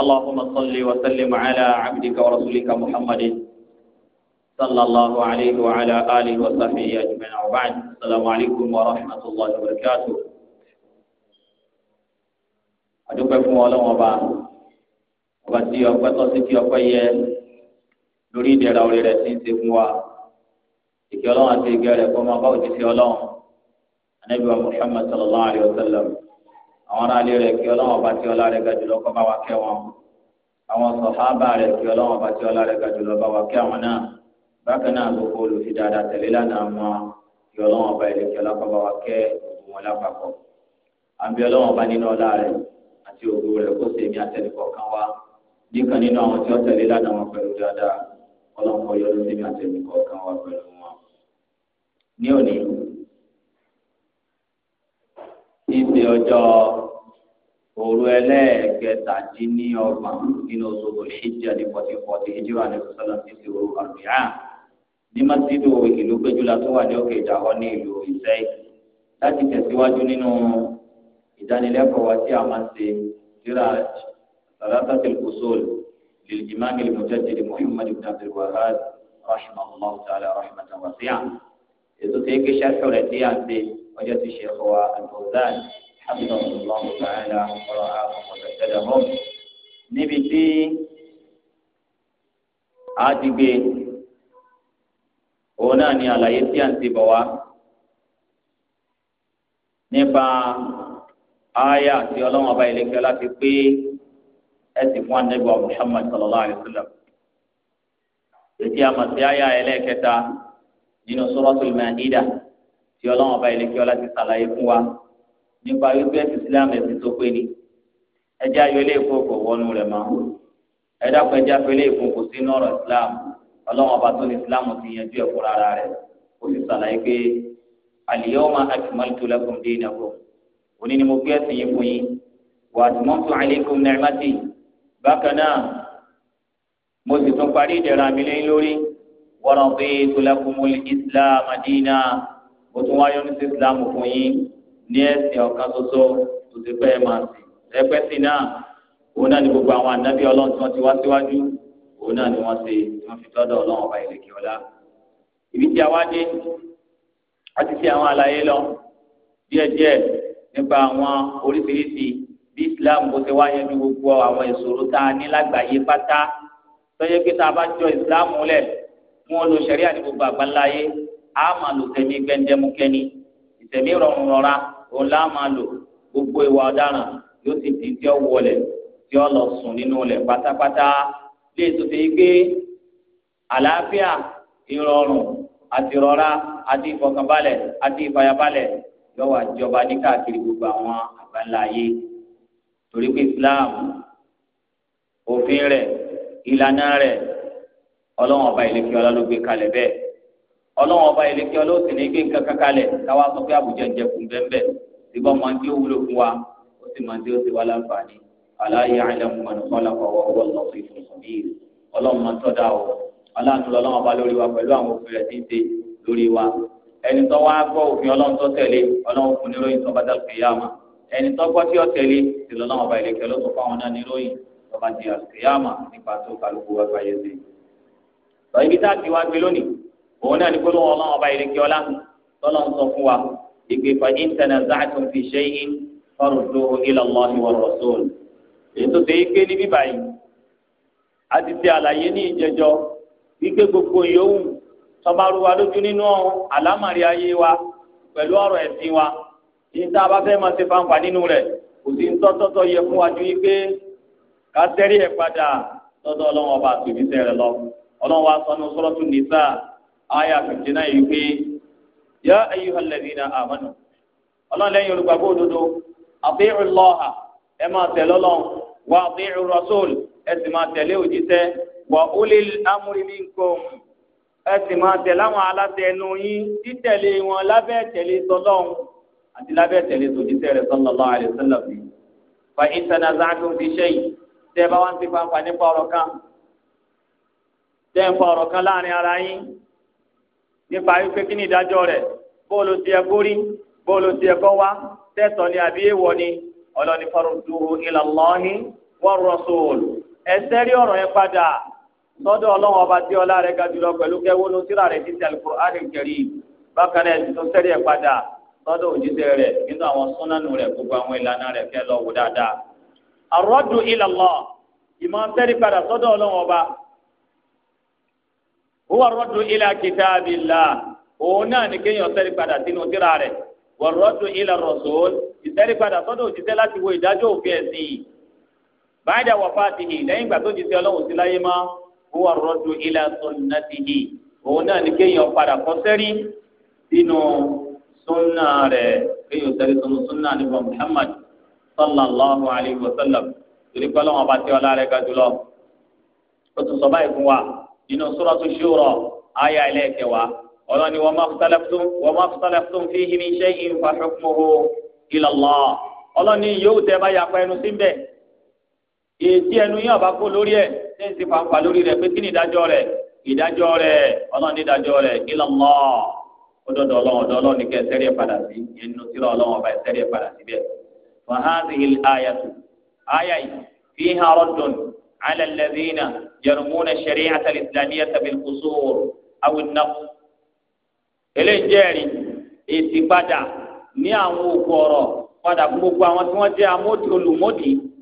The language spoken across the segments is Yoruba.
اللهم صل وسلم على عبدك ورسولك محمد صلى الله عليه وعلى آله وصحبه أجمعين وبعد السلام عليكم ورحمة الله وبركاته adúpẹ́ fún ọlọ́run ọba ọba tí ọpẹ́ tọ́ sí tí ọpẹ́ yẹ lórí ìdẹ̀ra orí rẹ̀ tí ń ṣe fún wa ìkẹ́ ọlọ́run àti ìgẹ́ rẹ̀ kọ́ máa bá òjì sí ọlọ́run anábìwá muhammad sallallahu alayhi wa sallam àwọn aráàlú rẹ̀ kí ọlọ́run ọba tí ọlá rẹ̀ ga jùlọ kó bá wa kẹ́ wọn àwọn sọ̀hábà rẹ̀ kí ọlọ́run ọba tí ọlá rẹ̀ ga jùlọ bá wa kẹ́ àwọn náà bákan náà gbogbo olùfi tẹ̀lé lánàá wọn kí ọlọ́run ọba ilé kí ọlá kó bá wa kẹ́ gbogbo wọn lápapọ̀ àbí ọlọ́run ọba nínú ọlá rẹ̀ àti ògo rẹ̀ kó ṣe mí àtẹnukọ̀ kan wá níkan nínú àwọn tí ó tẹ̀lé lánàá wọn pẹ̀lú ọjọ́ òru ẹlẹ́ẹ̀kẹtàdínníọgbọ̀n nínú oṣù olùṣíjà ní fourteen forty ìjírà ní sọlá ti fi òru àbíyá ní masidu ìlú péjúlá tó wà ní òkè ìdáwọ́ ní ìlú Ìṣẹ́yìn láti tẹ̀síwájú nínú ìdánilẹ́kọ̀ọ́ wa tí a máa ń ṣe síra sàlátàtì kùsùl lìlìmáàmì lìmùjáde lè Muhammad ibn Abdul Wahhab rahimahullah ta'ala rahimatan wasi'a ètò tí eke ṣàṣọ rẹ̀ tí a ń ṣe ọjọ́ ti ṣe ẹ̀kọ́ wa àgbọ̀dáàlì. حفظه الله تعالى ورعاهم وسددهم níbi tí a ti gbé òun náà ni àlàyé tí a ń ti bọ̀ wá nípa aya àti ọlọ́run ọba ìlẹ́kẹ́ láti pé ẹ sì fún anẹ́gbà Muhammad sallallahu alayhi wa sallam ètí a mọ̀ sí aya ẹlẹ́ẹ̀kẹta nínú Suratul Ma'idah tí ọlọ́run ọba ìlẹ́kẹ́ láti sàlàyé fún wa nípa wípé ẹ̀sìn Islam ẹ̀sìn tó pé ni ẹjẹ ayọ ilé ìfowópamọ́ wọnú rẹ̀ máa ẹ dákun ẹjẹ afẹ ilé ìfowópamọ́ kò sí inú ọ̀rọ̀ Islam Ọlọ́run ọba tó ní Islam ti yanjú ẹ̀kọ́ rárá rẹ̀ ó sì sàlàyé pé al-yawma akmaltu lakum dinakum òní ni mo gbé ẹ̀sìn yín fún yín wa atmamtu alaykum ni'mati bákan náà mo sì tún parí ìdẹ̀ra mi lé lórí wa raditu lakumul Islam dina mo tún ní ẹ̀sìn ọ̀kan ṣoṣo tó ti fẹ́ máa sìn ẹgbẹ́ sìn náà òun náà ni gbogbo àwọn ànábì ọlọ́run tí wọ́n ti wá síwájú òun náà ni wọ́n ṣe tí wọ́n fi tọ́dọ̀ ọlọ́run ọba ìlẹ̀kì ọ̀la. ibi tí a wá dé a ti ṣe àwọn àlàyé lọ díẹ̀díẹ̀ nípa àwọn oríṣiríṣi bí Islam bó ṣe wá yanjú gbogbo àwọn ìṣòro tá a ní lágbàáyé pátá tọ́jú pé tá a bá jọ Islam lẹ̀ fún wọn lo ní gbogbo àgbáńláyé a máa lò tẹ̀mí gbẹ̀ndẹ́mukẹ́ni ìtẹ̀mí rọrùn rọra òun láà máa lò gbogbo ìwà ọ̀daràn yóò ti di tí ó wọlẹ̀ tí ó lọ sùn nínú rẹ̀ pátápátá lè tó ṣe gbé àlàáfíà ìrọ̀rùn àti ìrọ̀ra àti ìfọkànbalẹ̀ àti ìfàyàbalẹ̀ yóò wà jọba ní káàkiri gbogbo àwọn àgbáńlá ayé torí pé Islam òfin rẹ̀ ìlànà rẹ̀ ọlọ́wọ́n ọba ìlẹ́kẹ́ ọlá kalẹ̀ bẹ́ẹ̀ ọlọ́wọ́n ọba ìlékè ọlọ́sìn ní gbé nǹkan kankan lẹ̀ káwá sọ pé àbújá ń jẹkùn bẹ́ẹ̀ síbọ̀ máa ń tí ó wúlò fún wa ó sì máa ń tí ó ti wá láǹfààní aláyé àìlẹ́mú mọ̀nàkọ́lá kọ̀wọ́ ọwọ́ lọ́sọ̀ ìfọ̀sọ̀bí ọlọ́run máa ń tọ́da o aláàánú ọlọ́run ọba lórí wa pẹ̀lú àwọn òfin rẹ̀ tí ń ṣe lórí wa ẹni tó wá gbọ́ òfin ọlọ́run tó tẹ̀lé ọlọ́run fún níròyìn tó bá dàlùkè yá ma ẹni tó gbọ́ tí ó tẹ̀lé sì lọ́lọ́run ọba ìlékè ló sọ fáwọn náà níròyìn tó bá di àlùkè nípa tó kálukú wa gbáyé sí. sọ ibi tá wá gbé lónìí òun náà ní gbólóhùn ọlọ́run ọba ìrèké ọlá tọ́lọ́run sọ fún wa ìgbèfà záàtún fi ṣe é fọ́rùdó ìlànà ìwọ̀n sóòlù èyí tó yí pé níbí báyìí a ti ṣe àlàyé ní gbogbo wa lójú nínú àlámàrí ayé pẹ̀lú ọ̀rọ̀ ẹ̀sìn wa ní tá a sọ àyà fifty nine yìí pé yá ayyuhal ladina amanu ọlọ́run lẹ́yìn olùgbàgbọ́ òdodo ati'u Allaha ẹ máa tẹ̀lé ọlọ́run wa ati'u rasul ẹ sì máa tẹ̀lé òjíṣẹ́ wa ulil amri minkum ẹ sì máa tẹ̀lé àwọn aláṣẹ ẹnu yín títẹ̀lé wọn lábẹ́ tẹ̀lé sọlọ́run àti lábẹ́ tẹ̀lé òjíṣẹ́ rẹ̀ sallallahu alaihi wasallam fi shay'in tẹ́ bá ti fanfa nípa wípé kí ni ìdájọ́ rẹ̀ bóòlù ti ẹ̀kọ́ bóòlù wá tẹ̀sán ni àbí èèwọ̀ ni ọlọ́ni farudduhu ila Allahi wa rasul ẹ̀sẹ̀ rí ọ̀rọ̀ yẹn padà sọ́dọ̀ ọlọ́run ọba tí ọlá rẹ̀ ga jùlọ pẹ̀lú kẹwọ́nù síra rẹ̀ bákan náà ẹ̀sìn tó sẹ́rí ẹ̀ padà huwa rọ́dù ilà kitabillah òun náà ni kéèyàn sẹ́rí padà sínú tírà rẹ̀ wa rọ́dù ilà rasul ìsẹ́rí padà sọ́dọ̀ òjíṣẹ́ láti wo ìdájọ́ òfin ẹ̀sìn yìí báyìí wà fàtìhì lẹ́yìn ìgbà tó jíṣẹ́ ọlọ́run sí láyé mọ́ huwa rọ́dù ilà sunnatihi òun náà ni kéèyàn padà kọ́ sẹ́rí sínú sunna rẹ̀ kéèyàn sẹ́rí sínú sunna nínú suratu Shura ayé ẹlẹ́kẹwàá ọlọ́ni wa ma ikhtalaftum wa ma ikhtalaftum fihi min shay'in fa hukmuhu ila Allah ọlọ́ni yóò tẹ́ bá yàpá ẹnu síbẹ̀ ètí ẹnu yóò bá kó lórí ẹ̀ ṣé ń ti fanfa lórí rẹ̀ pé kí ni ìdájọ́ rẹ̀ ìdájọ́ rẹ̀ ọlọ́ni ìdájọ́ rẹ̀ ila Allah ọdọọdọ ọlọ́run ọdọ ọlọ́run يرمون الشريعة الإسلامية بالقصور أو النقص eléyìí jẹ́rìí èsì padà ní àwọn òkú ọ̀rọ̀ padà fún gbogbo àwọn tí wọ́n jẹ́ amódì olùmódì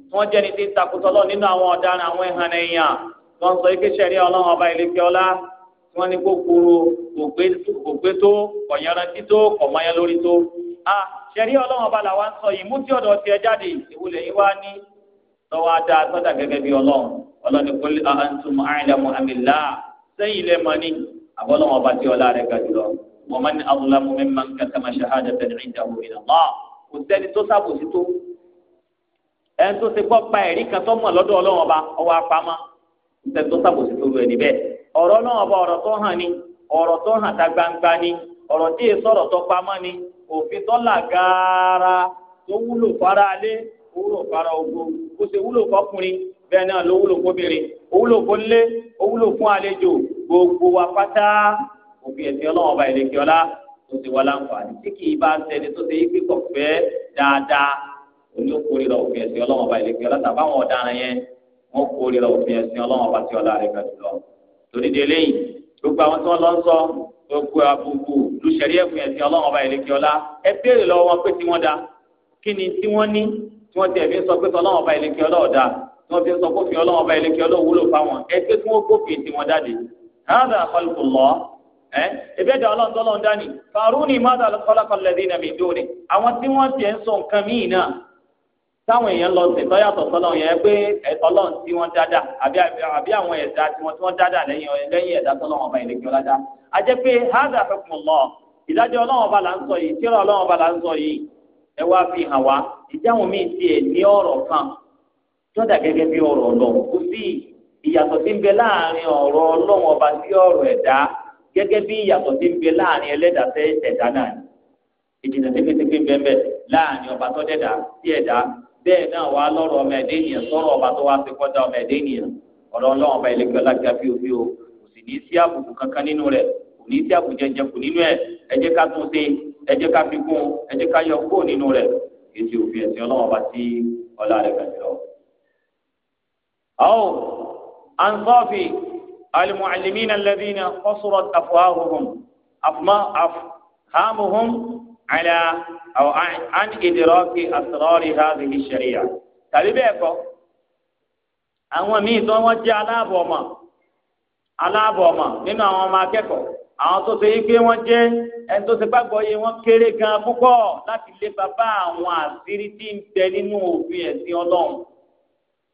tí wọ́n jẹ́ ní ti takùtọ́lọ́ nínú àwọn ọ̀daràn àwọn ìhànà èèyàn tí wọ́n sọ ike ṣẹ̀rí ọlọ́run ọba ìlẹ́kẹ́ ọlá tí wọ́n ní kó kúrò kò gbé tó kò yanrantí tó kò mọyán lórí tó. a ṣẹ̀rí ọlọ́run ọba làwa sọ yìí mú tí ọ̀dọ̀ tiẹ̀ jáde ìwúlẹ̀ yìí wá ní lọ́wọ́ adá sọ́dà gẹ́gẹ́ bí ọlọ́run ọlọ́ni kò lè antum a'lamu amìlá sẹ́yìn lè mọ́ ni àbọ̀lọ́wọ́ ọba tí ọlá rẹ̀ ga jùlọ. wọ́n máa ní azlamu mimman katama shahadatan 'indahu min Allah kò sẹ́ni tó sábòsí tó ẹni tó ti gbọ́ pa ẹ̀rí kan tó mọ̀ lọ́dọ̀ ọlọ́run ọba ọwọ́ apamọ́ kò sẹ́ni tó sábòsí tó rẹ̀ níbẹ̀ ọ̀rọ̀ náà ọba ọ̀rọ̀ tó hàn ni ọ̀rọ̀ tó hàn ta gbangba ni ọ̀rọ̀ tí èso ọ̀rọ̀ tó pamọ́ ni òfin tó là gaara tó wúlò fara lé ó wúlò fara ogo ó ṣe wúlò fọkùnrin bẹ́ẹ̀ náà ló wúlò fóbìnrin ó wúlò fólé ó wúlò fún àlejò gbogbo wa pátá òfin ẹ̀sìn ọlọ́wọ́n ọba ìlẹ̀kẹ́ ọlá tó ti wá láǹfààní tí kì í bá sẹni tó ṣe yípe kọ̀ fẹ́ dáadáa òní kórìíra òfin ẹ̀sìn ọlọ́wọ́n ọba ìlẹ̀kẹ́ ọlá tàbáwọn ọ̀daràn yẹn wọ́n kórìíra òfin ẹ̀sìn ọlọ́wọ́n ọba tí ọlá rẹ̀ kà jùlọ. torí délé yìí gbogbo àwọn tí wọ́n lọ ń sọ gbogbo àbùkù lùsẹ̀rí ẹ̀fìn ẹ̀sìn ọlọ́wọ́n ọba ìlẹ̀kẹ́ ọlá ẹ tí wọ́n tẹ̀ fi sọ pé tọ́lọ́wọ́n bá ilẹ̀kẹ́ ọlọ́wọ́ da tí wọ́n fi sọ pé tọ́lọ́wọ́n bá ilẹ̀kẹ́ ọlọ́wọ́ wúlò fáwọn ẹ pé kí wọ́n gbófin tí wọ́n jáde hàdà kọlùkù lọ ẹ ẹbí ẹ̀dá ọlọ́run tọ́lọ́run dání fàrúnì mọ́tà kọlákọlẹ́dì nàmì dóni àwọn tí wọ́n tiẹ̀ ń sọ nǹkan míì náà táwọn èèyàn lọ sí tọ́yàtọ̀ sọ́lọ́run yẹn pé ọlọ́run tí wọ́n dáadáa àbí àwọn ẹ̀dá tí wọ́n tí wọ́n dáadáa lẹ́yìn ẹ̀dá ẹ wá fi hàn wá ìjáwọn míì tiẹ̀ ní ọ̀rọ̀ kan tọ́jà gẹ́gẹ́ bí ọ̀rọ̀ ọlọ́run kò sí ìyàtọ̀ tí ń bẹ láàrin ọ̀rọ̀ ọlọ́run ọba sí ọ̀rọ̀ ẹ̀dá gẹ́gẹ́ bí ìyàtọ̀ tí ń bẹ láàrin ẹlẹ́dàá sí ẹ̀dá náà ìjìnlẹ tẹkẹtẹkẹ bẹnbẹ láàrin ọba tó dẹdà sí ẹ̀dá bẹ́ẹ̀ náà wà lọ́rọ̀ ọmọ ẹdẹ ènìyàn sọ̀rọ̀ ọba tó wá sí kọjá ọmọ ẹdẹ ènìyàn ọ̀rọ̀ ọlọ́run ọba ìlẹkẹ ọlájà fíofío kò sì ní sí àbùkù kankan nínú rẹ̀ kò ní sí àbùjẹjẹ kò nínú ẹ ẹ ká tún ṣe ẹ jẹ́ ká fi kún ẹ ká yọ kó nínú rẹ̀ ètò òfin ẹ̀sìn ọlọ́wọ́n bá ti ọlá rẹ̀ kàn jùlọ. àwọn ansọ́ọ̀fì المعلمين الذين قصرت أفواههم أفهامهم على أو عن إدراك أسرار هذه الشريعة tàbí bẹ́ẹ̀ kọ́ àwọn míì tó wọ́n jẹ́ aláàbọ̀ ọmọ aláàbọ̀ ọmọ nínú àwọn ọmọ akẹ́kọ̀ọ́ àwọn tó ṣe yí pé wọ́n jẹ́ ẹni tó ṣe gbàgbọ́ yé wọ́n kéré gan púpọ̀ láti lé bàbá àwọn àṣírí tí ń bẹ nínú òfin ẹ̀sìn ọlọ́run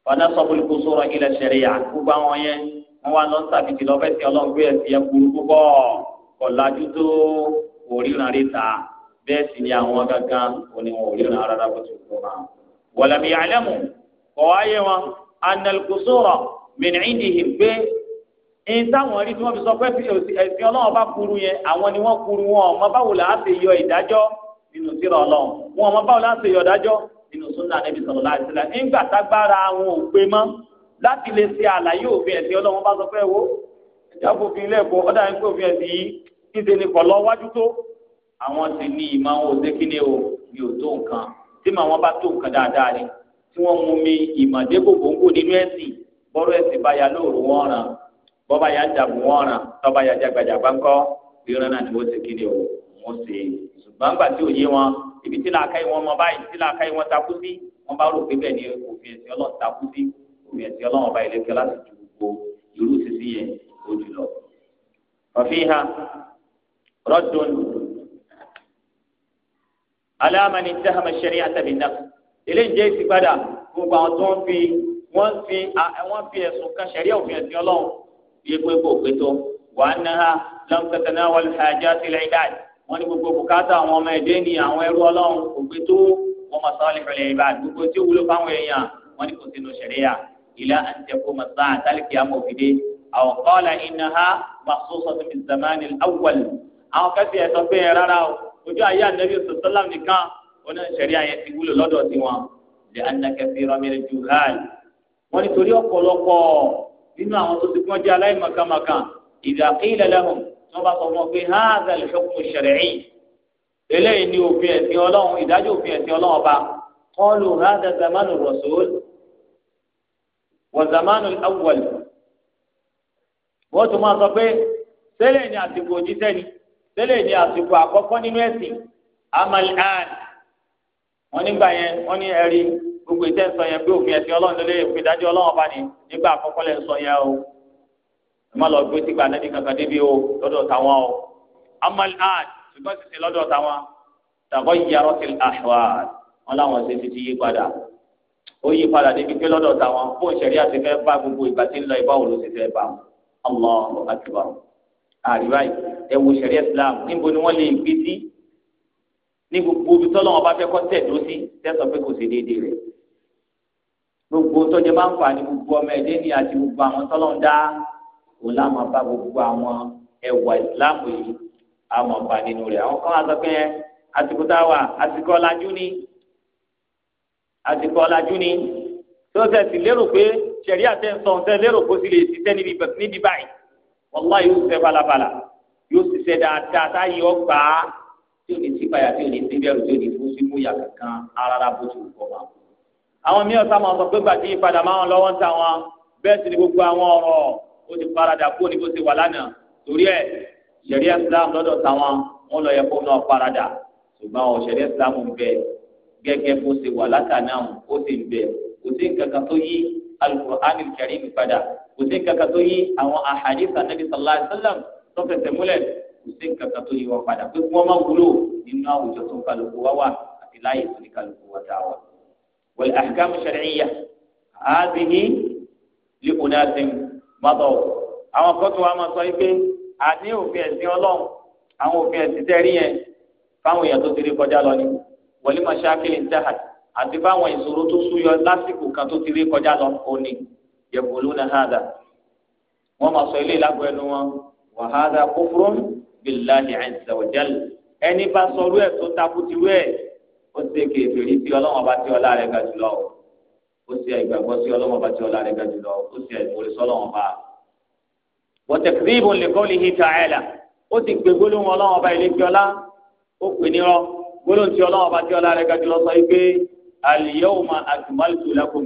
fàdà sọ pé kò sọ̀rọ̀ ilẹ̀ ṣẹ̀ríyà gbogbo àwọn yẹn wọ́n wá lọ sàbìtì lọ́fẹ́ sí ọlọ́run pé ẹ̀sìn yẹn burú púpọ̀ kọ̀ lájú tó òríran ríta bẹ́ẹ̀ sì ni àwọn gangan òní wọn rárá bó ti kú wọn. wọ̀lẹ̀mí àlẹ́mù kọ̀ wáyé wọn ẹyin táwọn rí tí wọ́n fi sọ pé ẹ̀sìn Ọlọ́run bá kúrú yẹn àwọn ni wọ́n kúrú wọn ọmọ báwo là á ṣe yọ ìdájọ́ nínú síra Ọlọ́run wọn ọmọ báwo là á ṣe yọ ìdájọ́ nínú sunna Ànábì sallallahu alaihi wasallam nígbà tágbára àwọn ò pé mọ́ láti lè ṣe àlàyé òfin ẹ̀sìn Ọlọ́run bá sọ pé wo ẹjọ́ fòfin ilé ẹ̀kọ́ ọ̀dà ń pè òfin ẹ̀sìn yìí níṣẹ́ ni kọ̀ wájú tó àwọn ti ní ìmọ̀ wọn ò o mi ò tó nǹkan tí màá wọn bá tó nǹkan dáadáa ni tí wọ́n mú mi ìmọ̀dé gbogbo nínú ẹ̀sìn bọ́rọ̀ ẹ̀sìn báyà lóòrùn wọn ràn bọ́ba yà jà bù wọ́n ràn tọ́ba yà jà gbajàgbá ńkọ́ ìran náà ni wọ́n ti kéde o wọ́n ṣe ṣùgbọ́n gbà tí ò yé wọn ibi tí làákàyè wọn mọ báyìí tí làákàyè wọn takú sí wọn bá rò pé bẹ́ẹ̀ ni òfin ẹ̀sìn ọlọ́run takú sí òfin ẹ̀sìn ọlọ́run ọba ìlẹ́kẹ́ láti ju gbogbo irú sísí yẹn ojú lọ. ففيها رد على من اتهم الشريعة بالنقص eléyìí jẹ́ ìsìpadà gbogbo àwọn tó ń fi wọ́n fi ẹ̀sùn kan ṣẹ̀ríà òfin ẹ̀sìn ọlọ́run yẹ pé kò pé tó wàá náà lọ́nkẹ́tẹ̀ náà wọlé ṣáájá sílẹ̀ ìdájì wọ́n ní gbogbo bùkátà àwọn ọmọ ẹ̀dẹ́ ni àwọn ẹrú ọlọ́run kò gbé tó wọ́n máa sọ́ọ́ lẹ́fẹ̀lẹ́ ìbá gbogbo tí ó wúlò fáwọn èèyàn wọ́n ní kò sínú ṣẹ̀ríyà ìlà àǹtẹ̀kọ́ màsá àtàlìkì amòfìdé àwọn kọ́ọ̀là iná ha màsúsọ tó fi zamani awwal àwọn kẹsì ẹ̀sọ́ pé ẹ rárá o ojú ayé ànábì sọ̀tọ́lá nìkan oní ṣẹ̀ríyà yẹn ti wúlò lọ́dọ̀ tiwọn lè ànàkẹ́sì rọmìnrin juhal wọ́n nítorí ọ̀pọ̀lọpọ̀ nínú àwọn tó ti kún ọjà aláìmọ̀kàmọ̀kà ìdàkílẹ̀ lẹ́hùn tí wọ́n bá sọ fún ọ pé hàzà lẹ́hùn ṣẹ̀rẹ̀ẹ́ eléyìí ni òfin ẹ̀sìn ọlọ́run ìdájọ́ òfin ẹ̀sìn ọlọ́run ọba kọ́ọ̀lù hàzà zamanu rasul wọ zamanu awwal wọ́n tún máa sọ pé sẹ́lẹ̀ ni àsìkò òjíṣẹ́ ni sẹ́lẹ̀ ni àsìkò àkọ́kọ́ nínú ẹ̀sìn amal wọ́n nígbà yẹn wọ́n ní ẹ̀rí gbogbo ìtẹ́ sọ yẹn pé òfin ẹ̀sìn ọlọ́run lélẹ̀ òfin ìdájọ́ ọlọ́run ọba ni nígbà àkọ́kọ́ lẹ́ sọ yẹn o ẹ má lọ gbé tìgbà nẹ́bí kankan débi o lọ́dọ̀ tàwọn o amal ad ṣùgbọ́n ti ṣe lọ́dọ̀ tàwọn tàbọ̀ yíyarọ́ ti àṣùwà wọn láwọn ṣe ti ti yí padà ó yí padà débi pé lọ́dọ̀ tàwọn fún ìṣẹ̀rí àti fẹ́ bá gbogbo ìgbà tí ń lọ ìbáwò ló ti fẹ́ bá ní gbogbo ibi tọ́lọ́wọ́n bá fẹ́ kọ́ tẹ̀ sí tẹ́sán pé kò sí déédéé rẹ̀ gbogbo tọ́jú máa ń fà ní gbogbo ọmọ ẹ̀dẹ́ ní àti gbogbo àwọn tọ́lọ́ ń dá wò láwọn bá gbogbo àwọn ẹwà ìsìláàmù yìí àwọn ọba nínú rẹ̀ àwọn kan sọ pé àsìkò tá a wà àsìkò ọ̀làjú ni àsìkò ọ̀làjú ni tó ṣe sì lérò pé ṣẹ̀rí àtẹ̀sọ̀ ń tẹ́ lérò kó sì lè ṣiṣẹ́ níbi báyìí wọ́lá yóò ṣiṣẹ́ balabala yóò ṣiṣẹ́ dáadáa táyé ọgbà tí ò ní sípayà tí ò ní síbẹ̀rù tí ò ní fún símúyà kankan arára bó ti wù kọ́ máa kú àwọn míì ọ̀sán máa sọ pé gbàtí ìpadà máa ń lọ́wọ́ ń ta wọn bẹ́ẹ̀ sì ni gbogbo àwọn ọ̀rọ̀ ó ti faradà kó ní bó ti wà lánàá torí ẹ̀ ṣẹ̀ríà Islam lọ́dọ̀ táwọn wọn lọ yẹ kó náà faradà ṣùgbọ́n ọ̀ ṣẹ̀ríà Islam ń bẹ gẹ́gẹ́ bó ti wà látàná ó sì ń bẹ kò sí nǹkan kan tó yí Al-Qur'an Al-Karim padà kò sí nǹkan kan tó yí àwọn ahadith Nabi sallallahu alaihi wasallam tó fẹsẹ̀ múlẹ̀ kò sí nǹkan kan tó yí wọn padà pé wọ́n máa wúlò nínú àwùjọ tó ń kálukú wá wà àti láyé tó ní kálukú wá dá والأحكام الشرعية هذه لأناس مضوا àwọn kótó wa máa sọ yìí pé àní òfin ẹ̀sìn ọlọ́run àwọn òfin ẹ̀sìn tẹ́rí yẹn fáwọn èèyàn tó ti rí kọjá lọ ni wọlé máa ṣáàkiri dáhà àti fáwọn ìṣòro tó súyọ lásìkò kan tó ti rí kọjá lọ òní yẹ̀bùlú náà hàdà wọ́n máa sọ ilé ìlàgbọ́ ẹnu wọn wàhálà kófúrún bíláàdì àìsàn ọ̀jálì ẹni bá sọ rú ẹ̀ tó takú ti rú ẹ̀ ó ṣe kéèké rí sí ọlọ́wọ́n bá tí ọlá rẹ̀ ga jùlọ ó ṣe ìgbàgbọ́ sí ọlọ́wọ́n bá tí ọlá rẹ̀ ga jùlọ ó ṣe ìmúlẹ̀ sọ́lọ́wọ́n bá. wa takdhibun li qawlihi ta'ala ó ti gbé gbólóhùn ọlọ́wọ́n bá ilé fiọ́lá ó pè ní rọ gbólóhùn tí ọlọ́wọ́n bá tí ọlá rẹ̀ ga jùlọ sọ pé al-yawma akmaltu lakum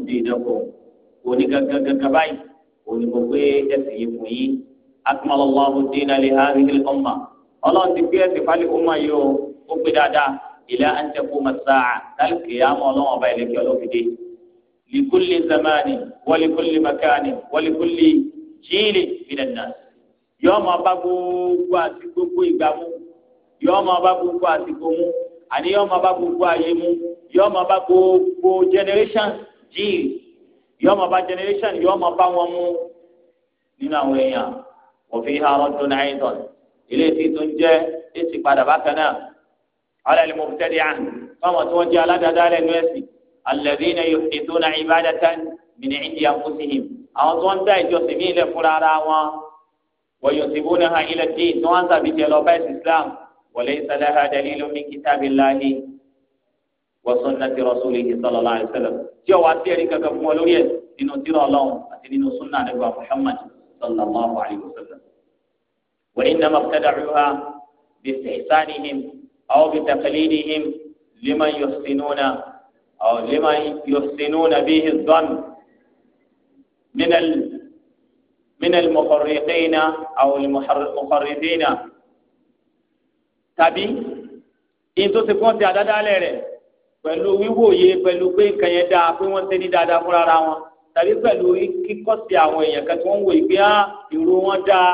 ìlà àǹtẹ̀kù masáà kálkì àmọ́ ọlọ́wọ́n ọba ilé kíọ́ lọ́fídé likulli zamani walikulli makani walikulli jíìlì minanna yọọ ma bá gbogbo àti gbogbo ìgbà mu yọọ ma bá gbogbo àsìkò mu àní yọọ ma bá gbogbo àyè mu yọọ ma bá gbogbo generation jíìlì yọọ ma bá generation yọọ ma bá wọn mu nínú àwọn èèyàn òfin ha ọdún náírà ilé tí tó ń jẹ èsì padà bákan náà ala al-mubtadi'ah fáwọn tí wọ́n jẹ́ aládàáda rẹ̀ nú ẹ̀sìn alladhina yuhdithuna ibadatan min 'indi anfusihim àwọn tí wọ́n ń dá ìjọsìn mí ilẹ̀ fúnra ara wọn wa yansibunaha ila ad-din tí wọ́n ń sàbí jẹ́ lọ́ba ẹ̀sìn islam wa laysa laha dalilun min kitabillahi wa sunnati rasulihi sallallahu alayhi wa sallam tí ọwọ́ àti ẹ̀rí kankan fún wọn lórí ẹ̀ nínú tírà ọlọ́run àti nínú sunna nígbà muhammad sallallahu alayhi wa sallam wa innama ibtada'uha bi istihsanihim أو بتقليدهم لمن يحسنون أو لمن يحسنون به الظن من ال من المخرقين أو المخرفين tàbí in tó ti kún ti àdádálẹ̀ rẹ̀ pẹ̀lú wíwòye pẹ̀lú pé nǹkan yẹn dáa pé wọ́n ti ní dáadáa fúnra wọn tàbí pẹ̀lú kíkọ́ sí àwọn èèyàn kan tí wọ́n ń wò yìí pé á ah, ìró wọn dáa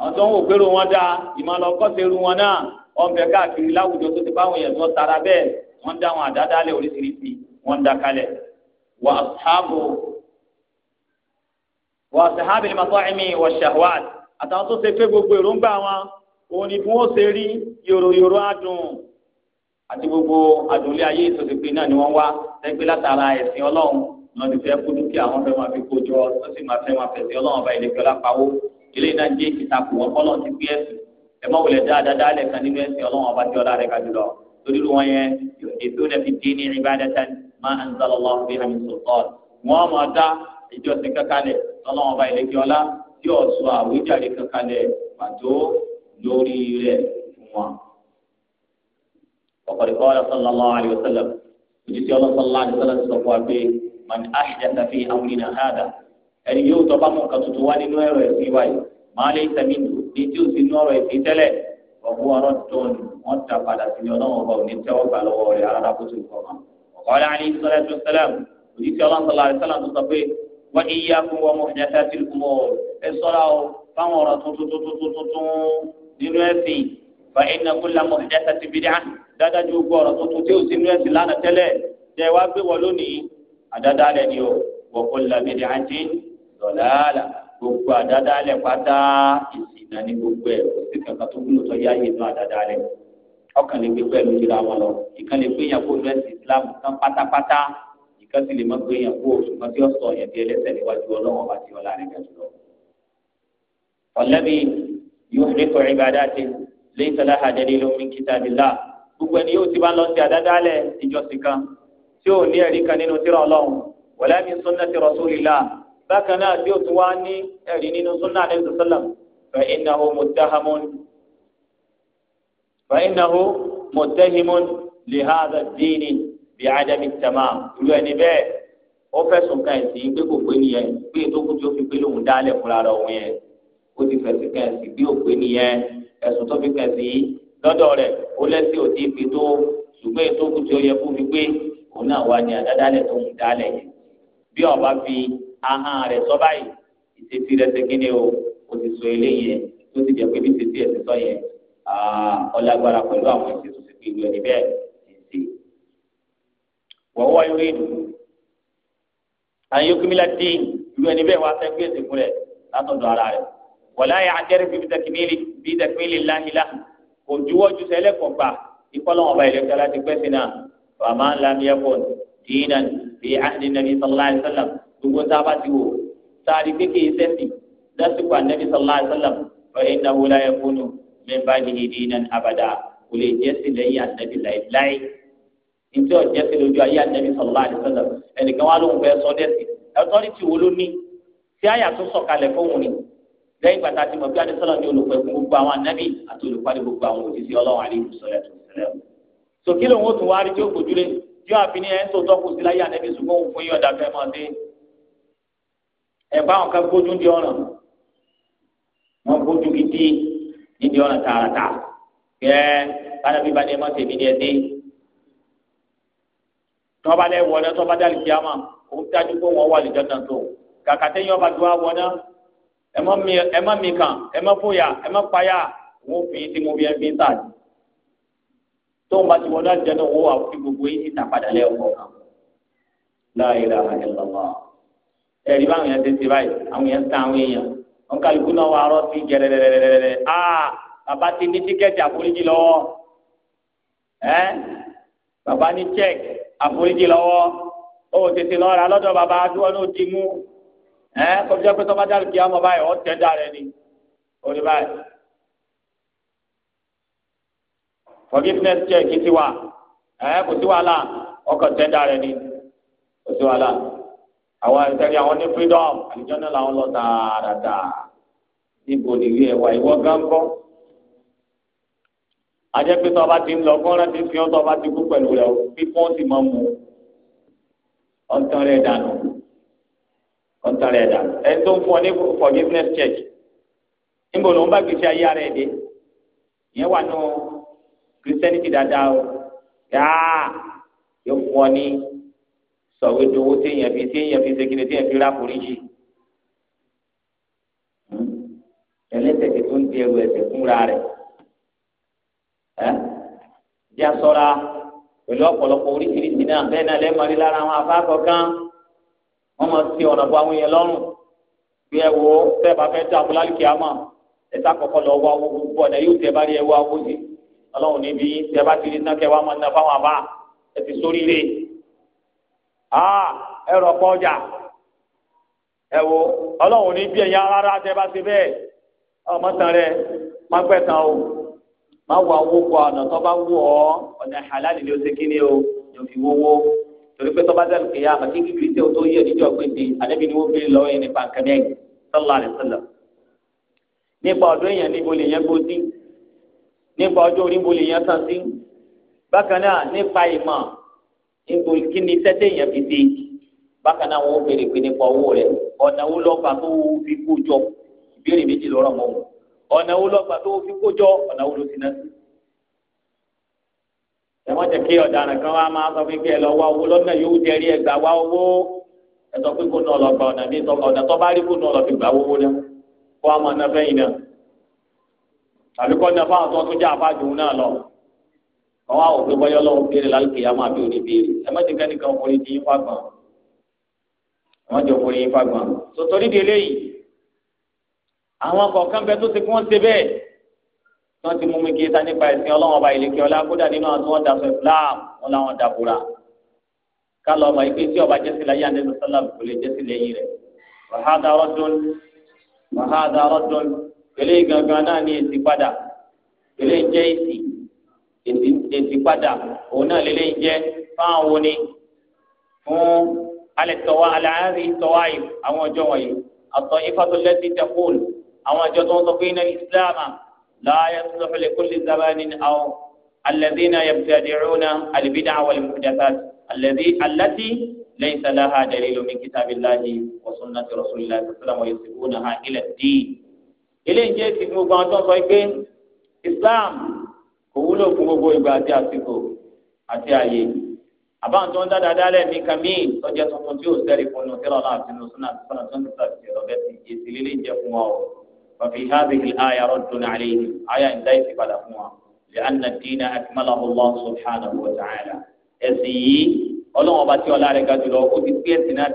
àwọn tó ń wò pé irú wọn dáa ìmọ̀lọ́ kọ́sẹ̀ irú wọn náà wọ́n bẹ káàkiri láwùjọ tó ti báwọn èèyàn tó tara bẹ́ẹ̀ wọ́n dá wọn àdádálẹ̀ oríṣiríṣi wọ́n dá kalẹ̀ wà á sáàbò wà á sàhábì ní masọ́ ẹ̀mí wà ṣàwàd àtàwọn tó ṣe pé gbogbo èròǹgbà wọn òun ni fún ó ṣe rí yòròyòrò adùn àti gbogbo àdùnlé ayé ìtòsípé náà ni wọ́n wá lẹ́gbẹ́ látara ẹ̀sìn ọlọ́run lọ́ọ́ ti fẹ́ kó dúkìá wọn fẹ́ máa fi kó jọ lọ́sìn máa fẹ́ máa fẹ̀sìn ọlọ́run ọba ìlẹ̀kẹ́ lápáwó eléyìí náà jẹ́ ìtakò wọn kọ́lọ́ ti gbé ẹ̀sìn ẹ má wulẹ̀ dáadáa dáalẹ̀ kan nínú ẹ̀sìn ọlọ́run ọba tí ọlá rẹ̀ ká jùlọ torí lu wọn yẹn èso rẹ̀ fi dín ní ibadatan ma anzalallahu biha min sultan wọn mọ̀ dá ìjọsìn kankanlẹ̀ ọlọ́run ọba ìlẹ́kẹ́ ọlá tí ò sọ àwíjàre kankanlẹ̀ pàtó lórí rẹ̀ fún wọn. ọ̀pọ̀ ìkọ́ ọ̀rẹ́ sallallahu alayhi wa sallam ẹni yóò tọ́ bá mú nǹkan tuntun wá nínú ẹ̀rọ ẹ̀sìn wáyé máa lé ìtẹ̀mí lò ní tí ò sí inú ọ̀rọ̀ ẹ̀sìn tẹ́lẹ̀ ọ̀gbọ́n ọ̀rọ̀ dùn wọ́n ta padà sí ọlọ́run ọba òní tẹ́wọ́ gbà lọ́wọ́ rẹ̀ alára kó tó kọ́ máa. ọ̀kọ́lá ní sọ́lá tó tí ó sì dọ̀làlà gbogbo àdádálẹ̀ pátá ìsìnà ní gbogbo ẹ̀ kò sí kankan tó wúlò tó yáyé inú àdádálẹ̀ ọkàn lè gbé pẹ̀lú ìlera wọn lọ ìkan lè gbé yàgò lẹ́sìn Islam tán pátápátá ìkan sì lè má gbé yàgò ṣùgbọ́n tí ó sọ yẹn bí ẹlẹ́sẹ̀ níwájú ọlọ́wọ́n bá ti ọ̀la rẹ̀ gẹ̀ jùlọ. ọ̀lẹ́bí yóò rí kọ̀ ìbàdà ti lé ìtàlá àjẹrí lómi kitabillah gbogbo ẹni yóò ti bá lọ sí àdádálẹ̀ ìjọsìn kan tí ò ní ẹ̀rí kan nínú tírà Ọlọ́run wala min sunnati rasulillah bákan náà tí o tún wá ní ẹ̀rí nínú súnà àdéhùn sọ́làm fa innahu muttahamun fa innahu muttahimun li hadha ad-dini bi adami tamam ìlú ẹni bẹ́ẹ̀ ó fẹ̀sùn kan ẹ̀sìn pé kò pé nìyẹn pé ètò kù tí ó fi pé lòun dálẹ̀ fúnra rẹ̀ òun yẹn ó ti fẹ̀sùn kan ẹ̀sìn bí òpé nìyẹn ẹ̀sùn tó fi kan ẹ̀sìn lọ́dọ̀ rẹ̀ ó lẹ́sìn òdì ibi tó ṣùgbọ́n ètò kù ó yẹ kó fi pé òun náà wà ní àdádálẹ̀ ahọ́n rẹ̀ sọ báyìí ìṣesí rẹ̀ ṣe kí ni o o ti sọ eléyìí yẹn tó ti jẹ́ pé bí ìṣesí ẹ̀ ti sọ yẹn ọlágbára pẹ̀lú àwọn ìṣesí tó ti gbé ìwé níbẹ̀ ṣe. wọ́wọ́ irú ìlú ayọ́kùnmílá dín ìlú ẹni bẹ́ẹ̀ wá fẹ́ gbé èsì fún rẹ̀ látọ̀dọ̀ ara rẹ̀ wọ̀lá yà á bíi dàkínílì bíi dàkínílì láhìlá kò sẹ́lẹ̀ kọ̀ gbogbo tá a bá ti wò sáárì kékeré sẹ́sì lásìkò ànábì sallallahu alaihi wasallam ọ̀rẹ́ ìnáwó láyé fóònù mẹ́fà yìí ní iná abàdà kò lè jẹ́ sí lẹ́yìn ànábì láéláé ntí ọ̀jẹ́ sí lójú ayé ànábì sallallahu alaihi wasallam ẹnìkan wà lóhùn fẹ́ sọ dẹ́sì ẹ̀tọ́rìtì wo ló ní tí àyà tó sọ̀kalẹ̀ fóun ni lẹ́yìn gbàtà tí mo bí adésọ́lá ní olùpẹ̀ fún gbogbo àwọn ànábì àti olùpàdé gbogbo àwọn òṣìṣẹ́ ọlọ́run àlejò sọ̀rọ̀ ẹ̀tọ́ sẹ́lẹ̀ sòkè lòun ó tún wá rí tí ó gbójúlé tí ó àfin ní ẹ̀ ń tó tọ́kù sí láyé ànábì ṣùgbọ́n òun fún yín fẹ́ mọ́ ọdún ẹ̀ bá wọn ká gbójú di ọ̀ràn wọn gbójú gidi níbi ọ̀ràn tààràtà kẹ́ bánabi bá dé mọ́tò èmi ni ẹ dé tọ́ba lẹ wọ̀ náà tọ́ba dá lìkìá mà ó dájú pé wọ́n wà lè dandan tó kàkà tẹ́yìn ọba tó wà wọ̀ náà ẹ má mi kàn ẹ má fòyà ẹ má payà wọ́n fi ti mo fi ẹ fi sáà tóun bá ti wọ́n dá lìkìá náà wọ́n wà fi gbogbo yìí ti tà padà lẹ́yìn ọkọ̀ kan láàyè láàyè ẹ̀rí báwọn yẹn ti ti báyìí àwọn yẹn ń ta àwọn èèyàn wọn kálukú náà wà arọ sí gẹrẹrẹrẹrẹrẹ aa bàbá ti ní tíkẹ́ẹ̀tì àforíjì lọ́wọ́ ẹ bàbá ní check àforíjì lọ́wọ́ ó tètè lọ́ọ́ ra lọ́dọ̀ bàbá adúlọ́ náà ti mú ẹ kọjá báyìí dà rẹ ni báyìí forgiveness check ti wà ẹ kò sí wàhálà ọkọ̀ dà rẹ ni kò sí wàhálà. àwọn àtẹ̀rí àwọn ní freedom àlùjọ́nà làwọn lọ tààràtà níbo nìyí ẹ̀wà ìwọ gánkọ́ ajẹ́ pé tọ́ba ti ń lọ kọ́ rántí fi ọ́ tọ́ba ti kú pẹ̀lú rẹ̀ fífún sì máa mú ọ̀ntàn rẹ̀ dànù ọ̀ntàn rẹ̀ dànù ẹni tó ń fún ọ ní forgiveness check níbo ló ń bá gbèsè ayé ara ẹ̀ dé ìyẹn wà nù christianity dáadáa o yáa yóò fún ọ ní sọ̀wédowó téèyàn fi téèyàn fi ṣe kíni téèyàn fi rà foríjì hmm? ẹlẹ́ṣẹ̀ ti tó ń di ẹrù ẹ̀ṣẹ̀ fúnra rẹ̀ ẹ́ jẹ́ sọ́ra pẹ̀lú ọ̀pọ̀lọpọ̀ oríṣiríṣi náà bẹ́ẹ̀ náà lẹ́ẹ̀ máa rí lára àwọn afáàkọ̀ kan wọ́n máa ti ọ̀nà bọ àwọn yẹn lọ́rùn bí ẹ wo tẹ́ bá fẹ́ tó abúlálì kìámà ẹ sá kọ́kọ́ lọ wá owó gbogbo ọ̀nà yóò tẹ́ bá rí ẹ wá owó sí ọlọ́run níbi tẹ́ bá ti rí náà kẹ́ wá máa ná fáwọn àbá ẹ ti sórí rèé. Ah, ẹrọ pọ ọjà ẹ wo ọlọ́run ní bí ẹ̀yà rárá tẹ bá ti bẹ́ẹ̀ ọmọ tán rẹ má pẹ́ tán o má wà owó kọ ọ̀nà tó bá wù ọ́ ọ̀nà halal ni ó ti kí ni o yóò fi wọ́wọ́ torí pé tó bá dẹ̀ lùkìyà àmàkí kíkiri tẹ́ o tó yẹ níjọ́ pé di àdébí ni wọ́n fi lọ yẹn nípa nǹkan mẹ́rin sallallahu alaihi wasallam nípa ọ̀dọ́ èèyàn níbo lè yẹn gbó sí nípa ọjọ́ orí níbo lè yẹn tán sí bákan náà nípa ìmọ̀ níbo kí ni sẹ́tẹ̀ èèyàn fi ṣe bákan náà wọn ó béèrè pé nípa owó rẹ̀ ọ̀nà wo lọ́gbà tó fi kó jọ ìbéèrè méjì lọ́rọ̀ mọ́ wọn ọ̀nà wo lọ́gbà tó fi kó jọ ọ̀nà wo ló ti ná sí. ẹ̀wọ́n jẹ́ kí ọ̀daràn kan wá máa sọ pé kí ẹ lọ wá owó lọ́nà yóò jẹ́ rí ẹgbàá wá owó ẹ sọ pé kó náà lọ gba ọ̀nà mi ọ̀nà tó bá rí kó náà lọ fi gbà owó náà kó wá máa ná wọn wá òfin bọyọ lọ́wọ́ béèrè lálùkìyà máa bí òní béèrè ẹ má ti kẹ́ni kan forí ti yín fagbọn wọn jọ forí yín fagbọn sotori di eléyìí àwọn kọ̀ọ̀kan bẹ tó ti kí wọ́n ṣe bẹ́ẹ̀ tí wọ́n ti mú mi kí ta nípa ẹ̀sìn ọlọ́wọ́n ọba ìlẹ̀kẹ́ ọlá kódà nínú àwọn tí wọ́n daṣọ Islam wọn làwọn dàbúrà kálọ̀ ọba ìpè tí ọba jẹ́sí láyé àdéhùn sálàmù kò lè jẹ́sí lẹ́yìn rẹ̀ wàhádà rọ́dún wàhádà rọ́dún eléyìí gangan náà ní èsì padà eléyìí jẹ́ èsì èsì padà òun náà lélẹ́yìn jẹ́ fáwọn wo ni fún alẹ́ tọ́wá aláàárí tọ́wá yìí àwọn ọjọ́ wọ̀nyí àtọ́ ifatulẹ́sì tẹ̀kùl àwọn ọjọ́ tó ń sọ pé iná ìsìláàmà láàyè sọ̀fẹ̀lẹ̀ kúlì zabanin àwọn alẹ́dínà yabtadi'una àlìbídà àwọn ìmùdàtàt alẹ́dí alẹ́tí lẹ́yìn sàláhà dẹ̀lẹ́ lómi kitabillahi wa sunnati rasulillahi sàlámù yusufuna ha ilẹ̀ dì. ilé ìjẹ́ ìsìn gbogbo àwọn tó ń sọ pé islam kò wúlò fún gbogbo ìgbà àti àsìkò àti àyè àbáwọn ń dá dáadáa lẹ́ẹ̀mí kàmí tuntun tí ó sẹ́rí fún un tẹ́lọ̀ náà sínú sọ́nà tó ń sí ọ̀bẹ tí èsì jẹ́ fún wa o fàfi hábi hìl àyà rọ́dùn àlẹ́ yìí àyà ń dá padà fún wa lè ànà dínà àkìmọ́láhùn lọ́wọ́ subhanahu wa ẹ̀sìn yìí ọlọ́wọ́n ọba tí ọlá rẹ̀ ga jùlọ ó ti ẹ̀sìn náà